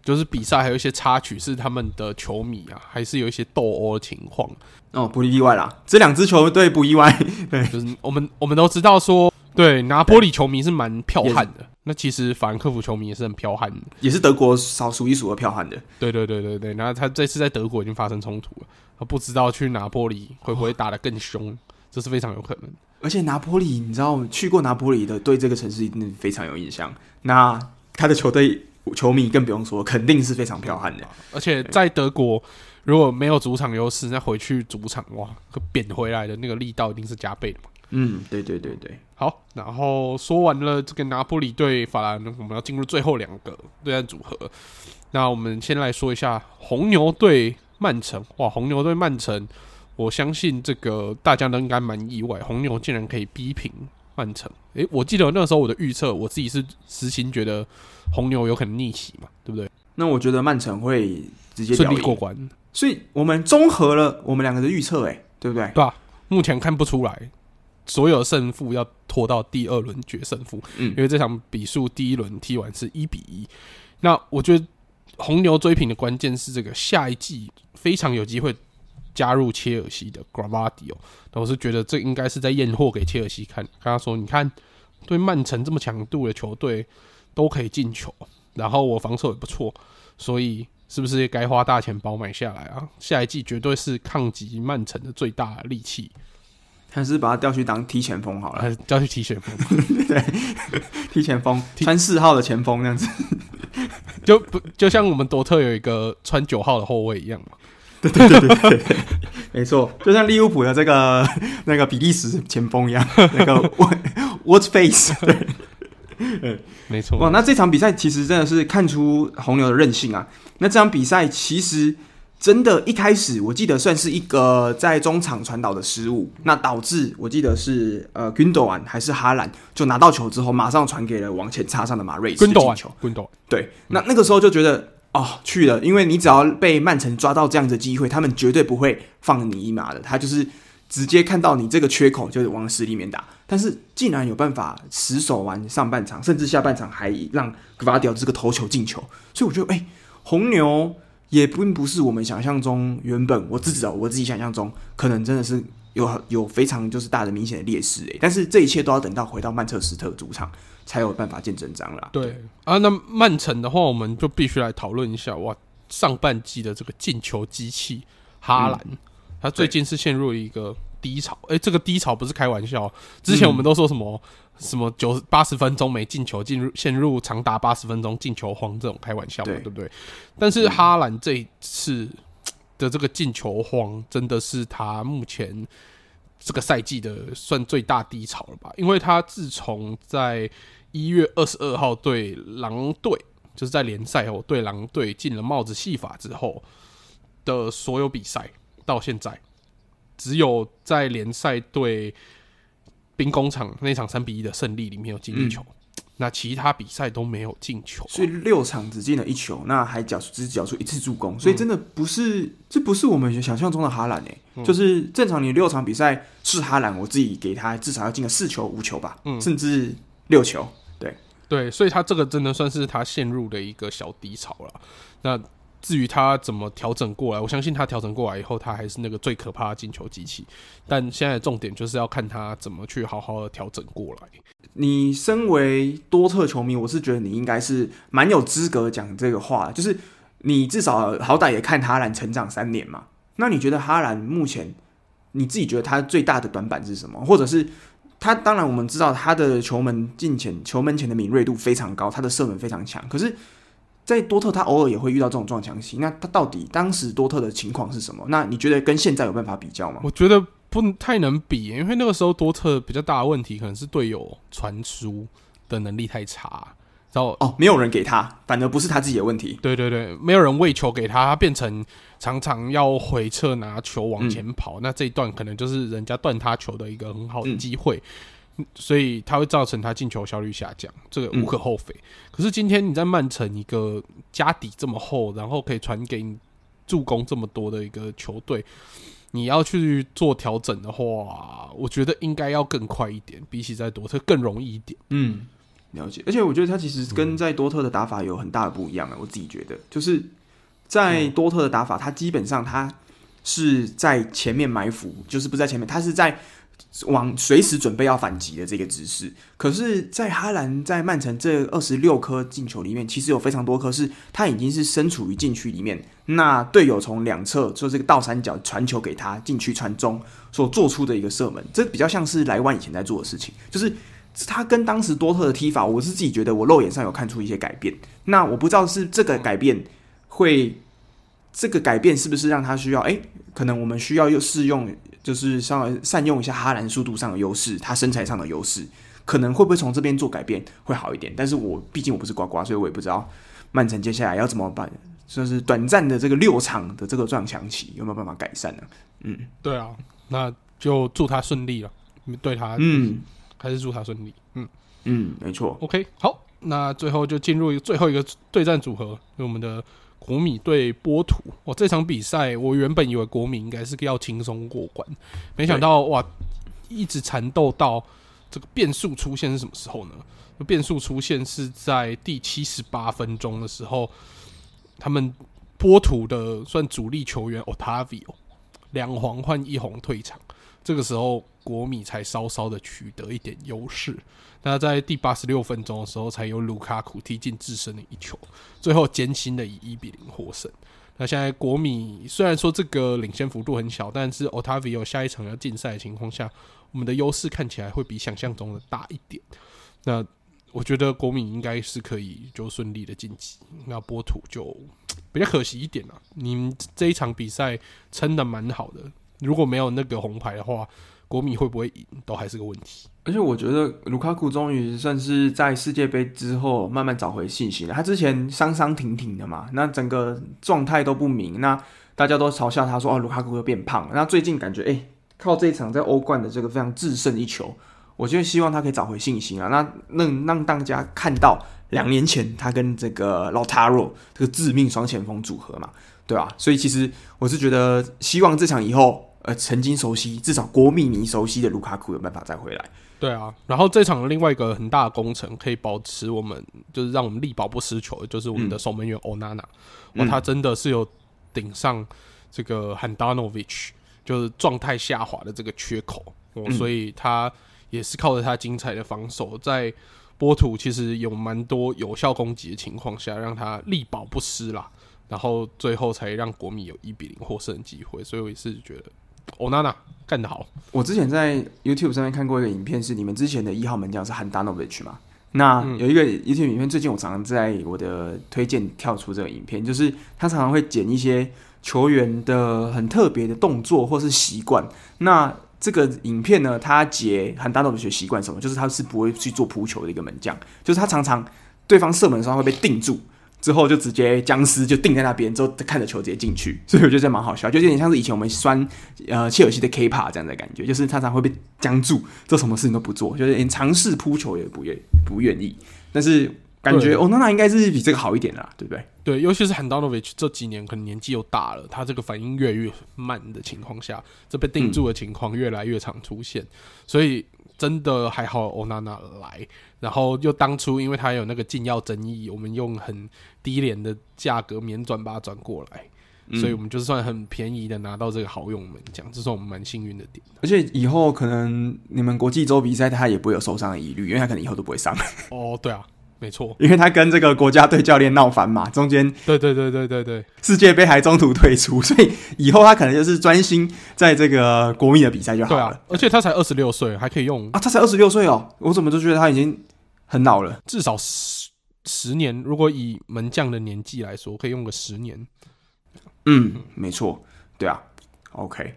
就是比賽，還有一些插曲是他們的球迷啊，還是有一些鬥毆情況。哦，不意外啦，這兩支球隊不意外，對， 就是我們我們都知道說，對，拿坡里球迷是蠻彪悍的，是那其實法蘭克福球迷也是很彪悍的，也是德國少數一數二彪悍的，對對對對對，然後他這次在德國已經發生衝突了，他不知道去拿坡里會不會打得更兇。哦、這是非常有可能的，而且拿坡里，你知道我們去過拿坡里的，對這個城市一定非常有印象，那他的球隊。球迷更不用說，肯定是非常彪悍的。而且在德國，對如果沒有主場優勢，那回去主場，哇，可貶回來的那個力道一定是加倍的嘛。嗯，對對對對。好，然後說完了這個拿坡里對法蘭，我們要進入最後兩個對戰組合。那我們先來說一下紅牛對曼城。哇，紅牛對曼城，我相信這個大家都應該蠻意外，紅牛竟然可以逼平曼城。誒，我記得那時候我的預測，我自己是私心覺得紅牛有可能逆襲嘛，對不對？那我覺得曼城會直接順利過關，所以我們綜合了我們兩個的預測，欸，誒，對不對？對啊，目前看不出來，所有勝負要拖到第二輪決勝負，嗯，因為這場比數第一輪踢完是一比一，那我覺得紅牛追平的關鍵是這個下一季非常有機會。加入切爾西的格拉維奧，我是覺得這應該是在驗貨給切爾西看，看。跟他說：“你看，對曼城這麼強度的球隊都可以進球，然後我防守也不錯，所以是不是該花大錢包買下來啊？下一季絕對是抗擊曼城的最大的利器。”還是把他調去當踢前鋒好了，調去，去踢前鋒， 對，踢前鋒 踢穿四號的前鋒那樣子就，就不就像我們多特有一個穿九號的後衛一樣嘛、啊。 對，對，對，對，對沒錯，就像利物浦的這個那個比利時前鋒一樣，那個 What's Face，對對 沒錯。哇，那這場比賽其實真的是看出紅牛的韌性啊。那這場比賽其實真的，一開始我記得算是一個在中場傳導的失誤，那導致我記得是呃 Gündogan 還是哈蘭就拿到球之後，馬上傳給了往前插上的馬瑞斯進球，對，對，那那個時候就覺得。嗯哦，去了，因為你只要被曼城抓到這樣的機會，他們絕對不會放你一馬的，他就是直接看到你這個缺口就往死裡面打。但是竟然有辦法死守完上半場，甚至下半場還讓格瓦迪奧爾這個頭球進球，所以我覺得，哎、欸，紅牛也並不是我們想象中原本我自我自己想象中可能真的是有有非常就是大的明顯的劣勢哎、欸，但是這一切都要等到回到曼徹斯特的主場。才有辦法見真章啦。對啊，那曼城的話，我們就必須來討論一下哇，上半季的這個進球機器哈蘭，他、嗯、最近是陷入一個低潮。誒對、欸，這個低潮不是開玩笑，之前我們都說什麼、嗯、什麼九十八十分鐘沒進球，進入陷入長達八十分鐘進球荒這種開玩笑嘛，對，對不對？但是哈蘭這一次的這個進球荒，真的是他目前這個賽季的算最大低潮了吧？因為他自從在一月二十二號對狼隊，就是在聯賽後對狼隊進了帽子戲法之後的所有比賽，到現在只有在聯賽對兵工廠那場三比一的勝利裡面有進一球，嗯、那其他比賽都沒有進球，啊，所以六場只進了一球，那還繳只繳出一次助攻，所以真的不是、嗯、這不是我們想象中的哈蘭、欸嗯、就是正常你的六場比賽是哈蘭，我自己給他至少要進個四球五球吧，嗯、甚至六球。對，所以他這個真的算是他陷入了一個小低潮了。那至於他怎麼調整過來，我相信他調整過來以後，他還是那個最可怕的進球機器。但現在重點就是要看他怎麼去好好的調整過來。你身為多特球迷，我是覺得你應該是蠻有資格講這個話，就是你至少好歹也看哈蘭成長三年嘛。那你覺得哈蘭目前你自己覺得他最大的短板是什麼，或者是？他當然，我們知道他的球門進前、球門前的敏銳度非常高，他的射門非常強。可是，在多特，他偶爾也會遇到這種撞牆期。那他到底當時多特的情況是什麼？那你覺得跟現在有辦法比較嗎？我覺得不太能比，因為那個時候多特比較大的問題可能是隊友傳輸的能力太差。哦，沒有人給他，反而不是他自己的問題。對對對，沒有人餵球給他，他變成常常要回撤拿球往前跑。嗯、那這一段可能就是人家斷他球的一個很好的機會，嗯、所以他會造成他進球效率下降，這個無可厚非。嗯、可是今天你在曼城，一個家底這麼厚，然後可以傳給你助攻這麼多的一個球隊，你要去做調整的話，我覺得應該要更快一點，比起在多特更容易一點。嗯。了解，而且我覺得他其實跟在多特的打法有很大的不一樣啊！我自己覺得，就是在多特的打法，他基本上他是在前面埋伏，就是不在前面，他是在往隨時準備要反擊的這個姿勢。可是，在哈蘭在曼城這二十六顆進球裡面，其實有非常多顆是他已經是身處於禁區裡面，那隊友從兩側做這個倒三角傳球給他，禁區傳中所做出的一個射門，這比較像是萊萬以前在做的事情，就是。他跟當時多特的踢法，我是自己覺得，我肉眼上有看出一些改變。那我不知道是這個改變會，這個改變是不是讓他需要？誒、欸？可能我們需要又試用，就是稍微善用一下哈蘭速度上的優勢，他身材上的優勢，可能會不會從這邊做改變會好一點？但是我畢竟我不是瓜瓜，所以我也不知道曼城接下來要怎麼辦，就是短暫的這個六場的這個撞牆期有沒有辦法改善呢、啊？嗯，對啊，那就祝他順利了，對他，嗯。還是祝他順利。嗯嗯，沒錯。OK，好，那最後就進入一個最後一個對戰組合，有我們的國米對波圖。哇，這場比賽我原本以為國米應該是要輕鬆過關，沒想到對哇，一直纏鬥到這個變數出現是什麼時候呢？變數出現是在第七十八分鐘的時候，他們波圖的算主力球員 Otavio 兩黃換一紅退場。這個時候，國米才稍稍的取得一點優勢。那在第八十六分鐘的時候，才由盧卡庫踢進自身的一球。最後艱辛的以一比零獲勝。那現在國米雖然說這個領先幅度很小，但是 Otavio 下一場要禁賽的情況下，我們的優勢看起來會比想象中的大一點。那我覺得國米應該是可以就順利的晉級。那波圖就比較可惜一點了。你這一場比賽撐的蠻好的。如果沒有那個紅牌的話，國米會不會贏都還是個問題。而且我覺得盧卡庫終於算是在世界杯之後慢慢找回信心了。他之前傷傷停停的嘛，那整個狀態都不明。那大家都嘲笑他說：“哦，盧卡庫又變胖了。”那最近感覺，誒、欸、靠這一場在歐冠的這個非常制勝一球，我就希望他可以找回信心啊！那讓讓大家看到兩年前他跟這個勞塔羅這個致命雙前鋒組合嘛。對啊，所以其實我是覺得，希望這場以後，呃，曾經熟悉，至少國米迷熟悉的盧卡庫有辦法再回來。對啊，然後這場另外一個很大的工程，可以保持我們就是讓我們力保不失球，就是我們的守門員 Onana、嗯、哇，他真的是有頂上這個 Handanovic 就是狀態下滑的這個缺口。哦，嗯、所以他也是靠着他精彩的防守，在波圖其實有蠻多有效攻擊的情況下，讓他力保不失啦。然後最後才讓國米有一比零獲勝機會，所以我也是覺得歐納納幹得好。我之前在 YouTube 上面看過一個影片，是你們之前的一號門將是 Handanovic 嘛。那有一個 YouTube 影片，嗯、最近我常常在我的推薦跳出這個影片，就是他常常會剪一些球員的很特別的動作或是習慣。那這個影片呢，他剪 Handanovic 習慣什麼？就是他是不會去做撲球的一個門將，就是他常常對方射門的時候，他會被定住。之後就直接僵屍就定在那邊，之後看着球直接進去，所以我覺得蠻好笑，就有點像是以前我們酸呃切爾西的 K 帕這樣的感覺，就是他常常會被僵住，做什麼事情都不做，就是連嘗試撲球也不願不願意。但是感覺歐納納應該是比這個好一點啦、啊，對不對？對，尤其是漢達諾維奇這幾年可能年紀又大了，他這個反應越越慢的情況下，這被定住的情況越來越常出現，嗯、所以。真的還好，歐娜娜來，然後又當初因為他有那個禁藥爭議，我們用很低廉的價格免轉把他轉過來，嗯、所以我們就算很便宜的拿到這個好用門將，這是我們蠻幸運的點。而且以後可能你們國際周比賽他也不會有受傷的疑慮，因為他可能以後都不會傷。哦，對啊。沒錯，因為他跟這個國家隊教練鬧翻嘛，中間對對對對對對，世界盃還中途退出，所以以後他可能就是專心在這個國米的比賽就好了。對啊，而且他才二十六歲，還可以用啊！他才二十六歲哦，我怎麼都覺得他已經很老了？至少十十年，如果以門將的年紀來說，可以用個十年。嗯，沒錯，對啊，OK。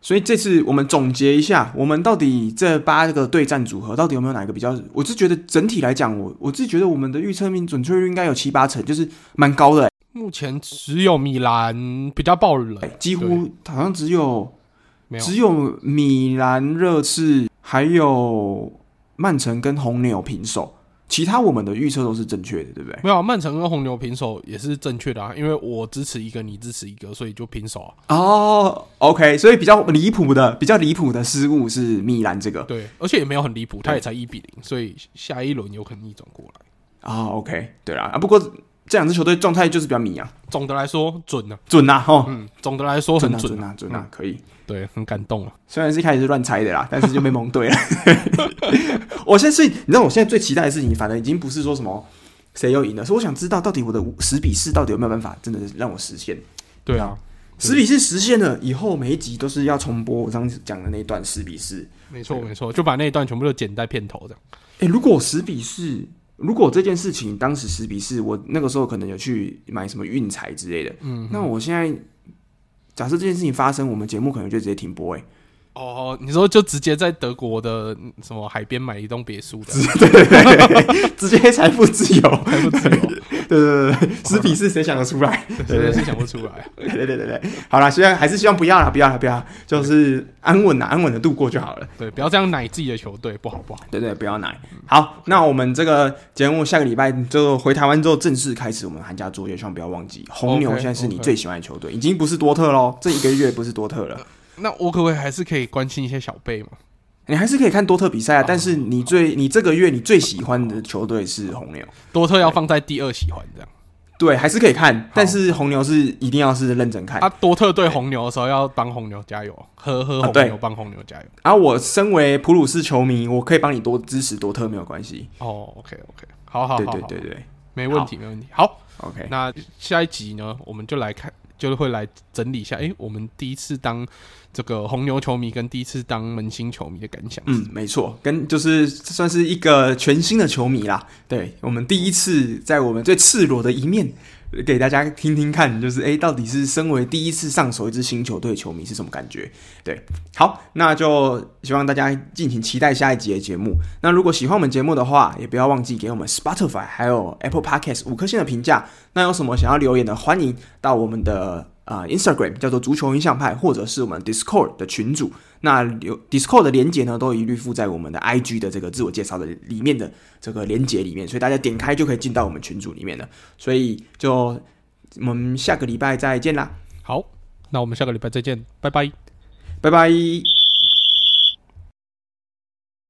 所以這次我們總結一下，我們到底這八個對戰組合到底有沒有哪一個比較？我是覺得整體來講，我我自己覺得我們的預測命準確率應該有七八成，就是蠻高的、欸。目前只有米蘭比較爆冷，欸，幾乎好像只有有對只有米蘭熱刺，還有曼城跟紅牛平手。其他我們的預測都是正確的，對不對？沒有，曼城跟紅牛平手也是正確的啊，因為我支持一個，你支持一個，所以就平手啊。哦，Oh, OK，所以比較離譜的，比較離譜的失誤是米蘭這個。對，而且也沒有很離譜，他對也才一比零，所以下一輪有可能逆轉過來啊。Oh, OK，對啦，啊，不過。這兩支球隊狀態就是比較迷啊。總的來說，準了、啊、準吶、啊，哈、哦。嗯，總的來說很準啊，準啊，準啊準啊嗯、可以。對，很感動了、啊。雖然是一開始是亂猜的啦，但是就被蒙對了。 我現在是你知道，我現在最期待的事情，反正已經不是說什麼誰又贏了，是我想知道到底我的十比四到底有沒有辦法，真的是讓我實現。對啊，十比四實現了，以後每一集都是要重播我剛剛講的那一段十比四。沒錯，了沒錯，就把那一段全部都剪在片頭這樣誒。如果十比四。如果這件事情當時實比是我那個時候可能有去買什麼運彩之類的，嗯哼，那我現在假設這件事情發生，我們節目可能就直接停播哎、欸。哦，你說就直接在德國的什麼海邊買一棟別墅，對對對，直接直接財富自由，財富自由。 對對對對，十比四哇 是誰想得出來？誰哇 是想不出來、啊？對對對對，好啦。希望還是希望不要啦，不要啦，不要啦，就是安穩啦，安穩的度過就好了。對，不要這樣奶自己的球隊，不好不好。對，對對，不要奶。嗯、好，okay. 那我們這個節目下個禮拜就回台灣之後正式開始，我們寒假作業，希望不要忘記。紅牛現在是你最喜歡的球隊，okay, okay. 已經不是多特嘍，這一個月不是多特了。 那我可不可以還是可以關心一些小輩嘛？你還是可以看多特比賽啊，啊但是你最你這個月你最喜歡的球隊是紅牛，多特要放在第二喜歡這樣。對，還是可以看，好但是紅牛是一定要是認真看啊。多特對紅牛的時候要幫紅牛加油，呵呵，紅牛，幫、啊、紅牛加油。然後、啊、我身為普魯士球迷，我可以幫你多支持多特沒有關係哦。OK OK，好好好，對對對對，沒問題好沒問題。好，OK，那下一集呢，我們就來看。就是會來整理一下，哎，我們第一次當這個紅牛球迷，跟第一次當門興球迷的感想。嗯，沒錯，跟就是算是一個全新的球迷啦。對，我們第一次在我們最赤裸的一面。給大家聽聽看，就是哎、欸，到底是身為第一次上手一支新球隊的球迷是什麼感覺？對，好，那就希望大家敬請期待下一集的節目。那如果喜歡我們節目的話，也不要忘記給我們 Spotify 還有 Apple Podcast 五顆星的評價。那有什麼想要留言的，歡迎到我們的啊、呃、Instagram 叫做足球印象派，或者是我們 Discord 的群組。那有 Discord 的連接呢，都一律附在我們的 IG 的這個自我介紹的裡面的這個連接裡面，所以大家點開就可以進到我們群組裡面了。所以就我們下個禮拜再見啦！好，那我們下個禮拜再見，拜拜，拜拜。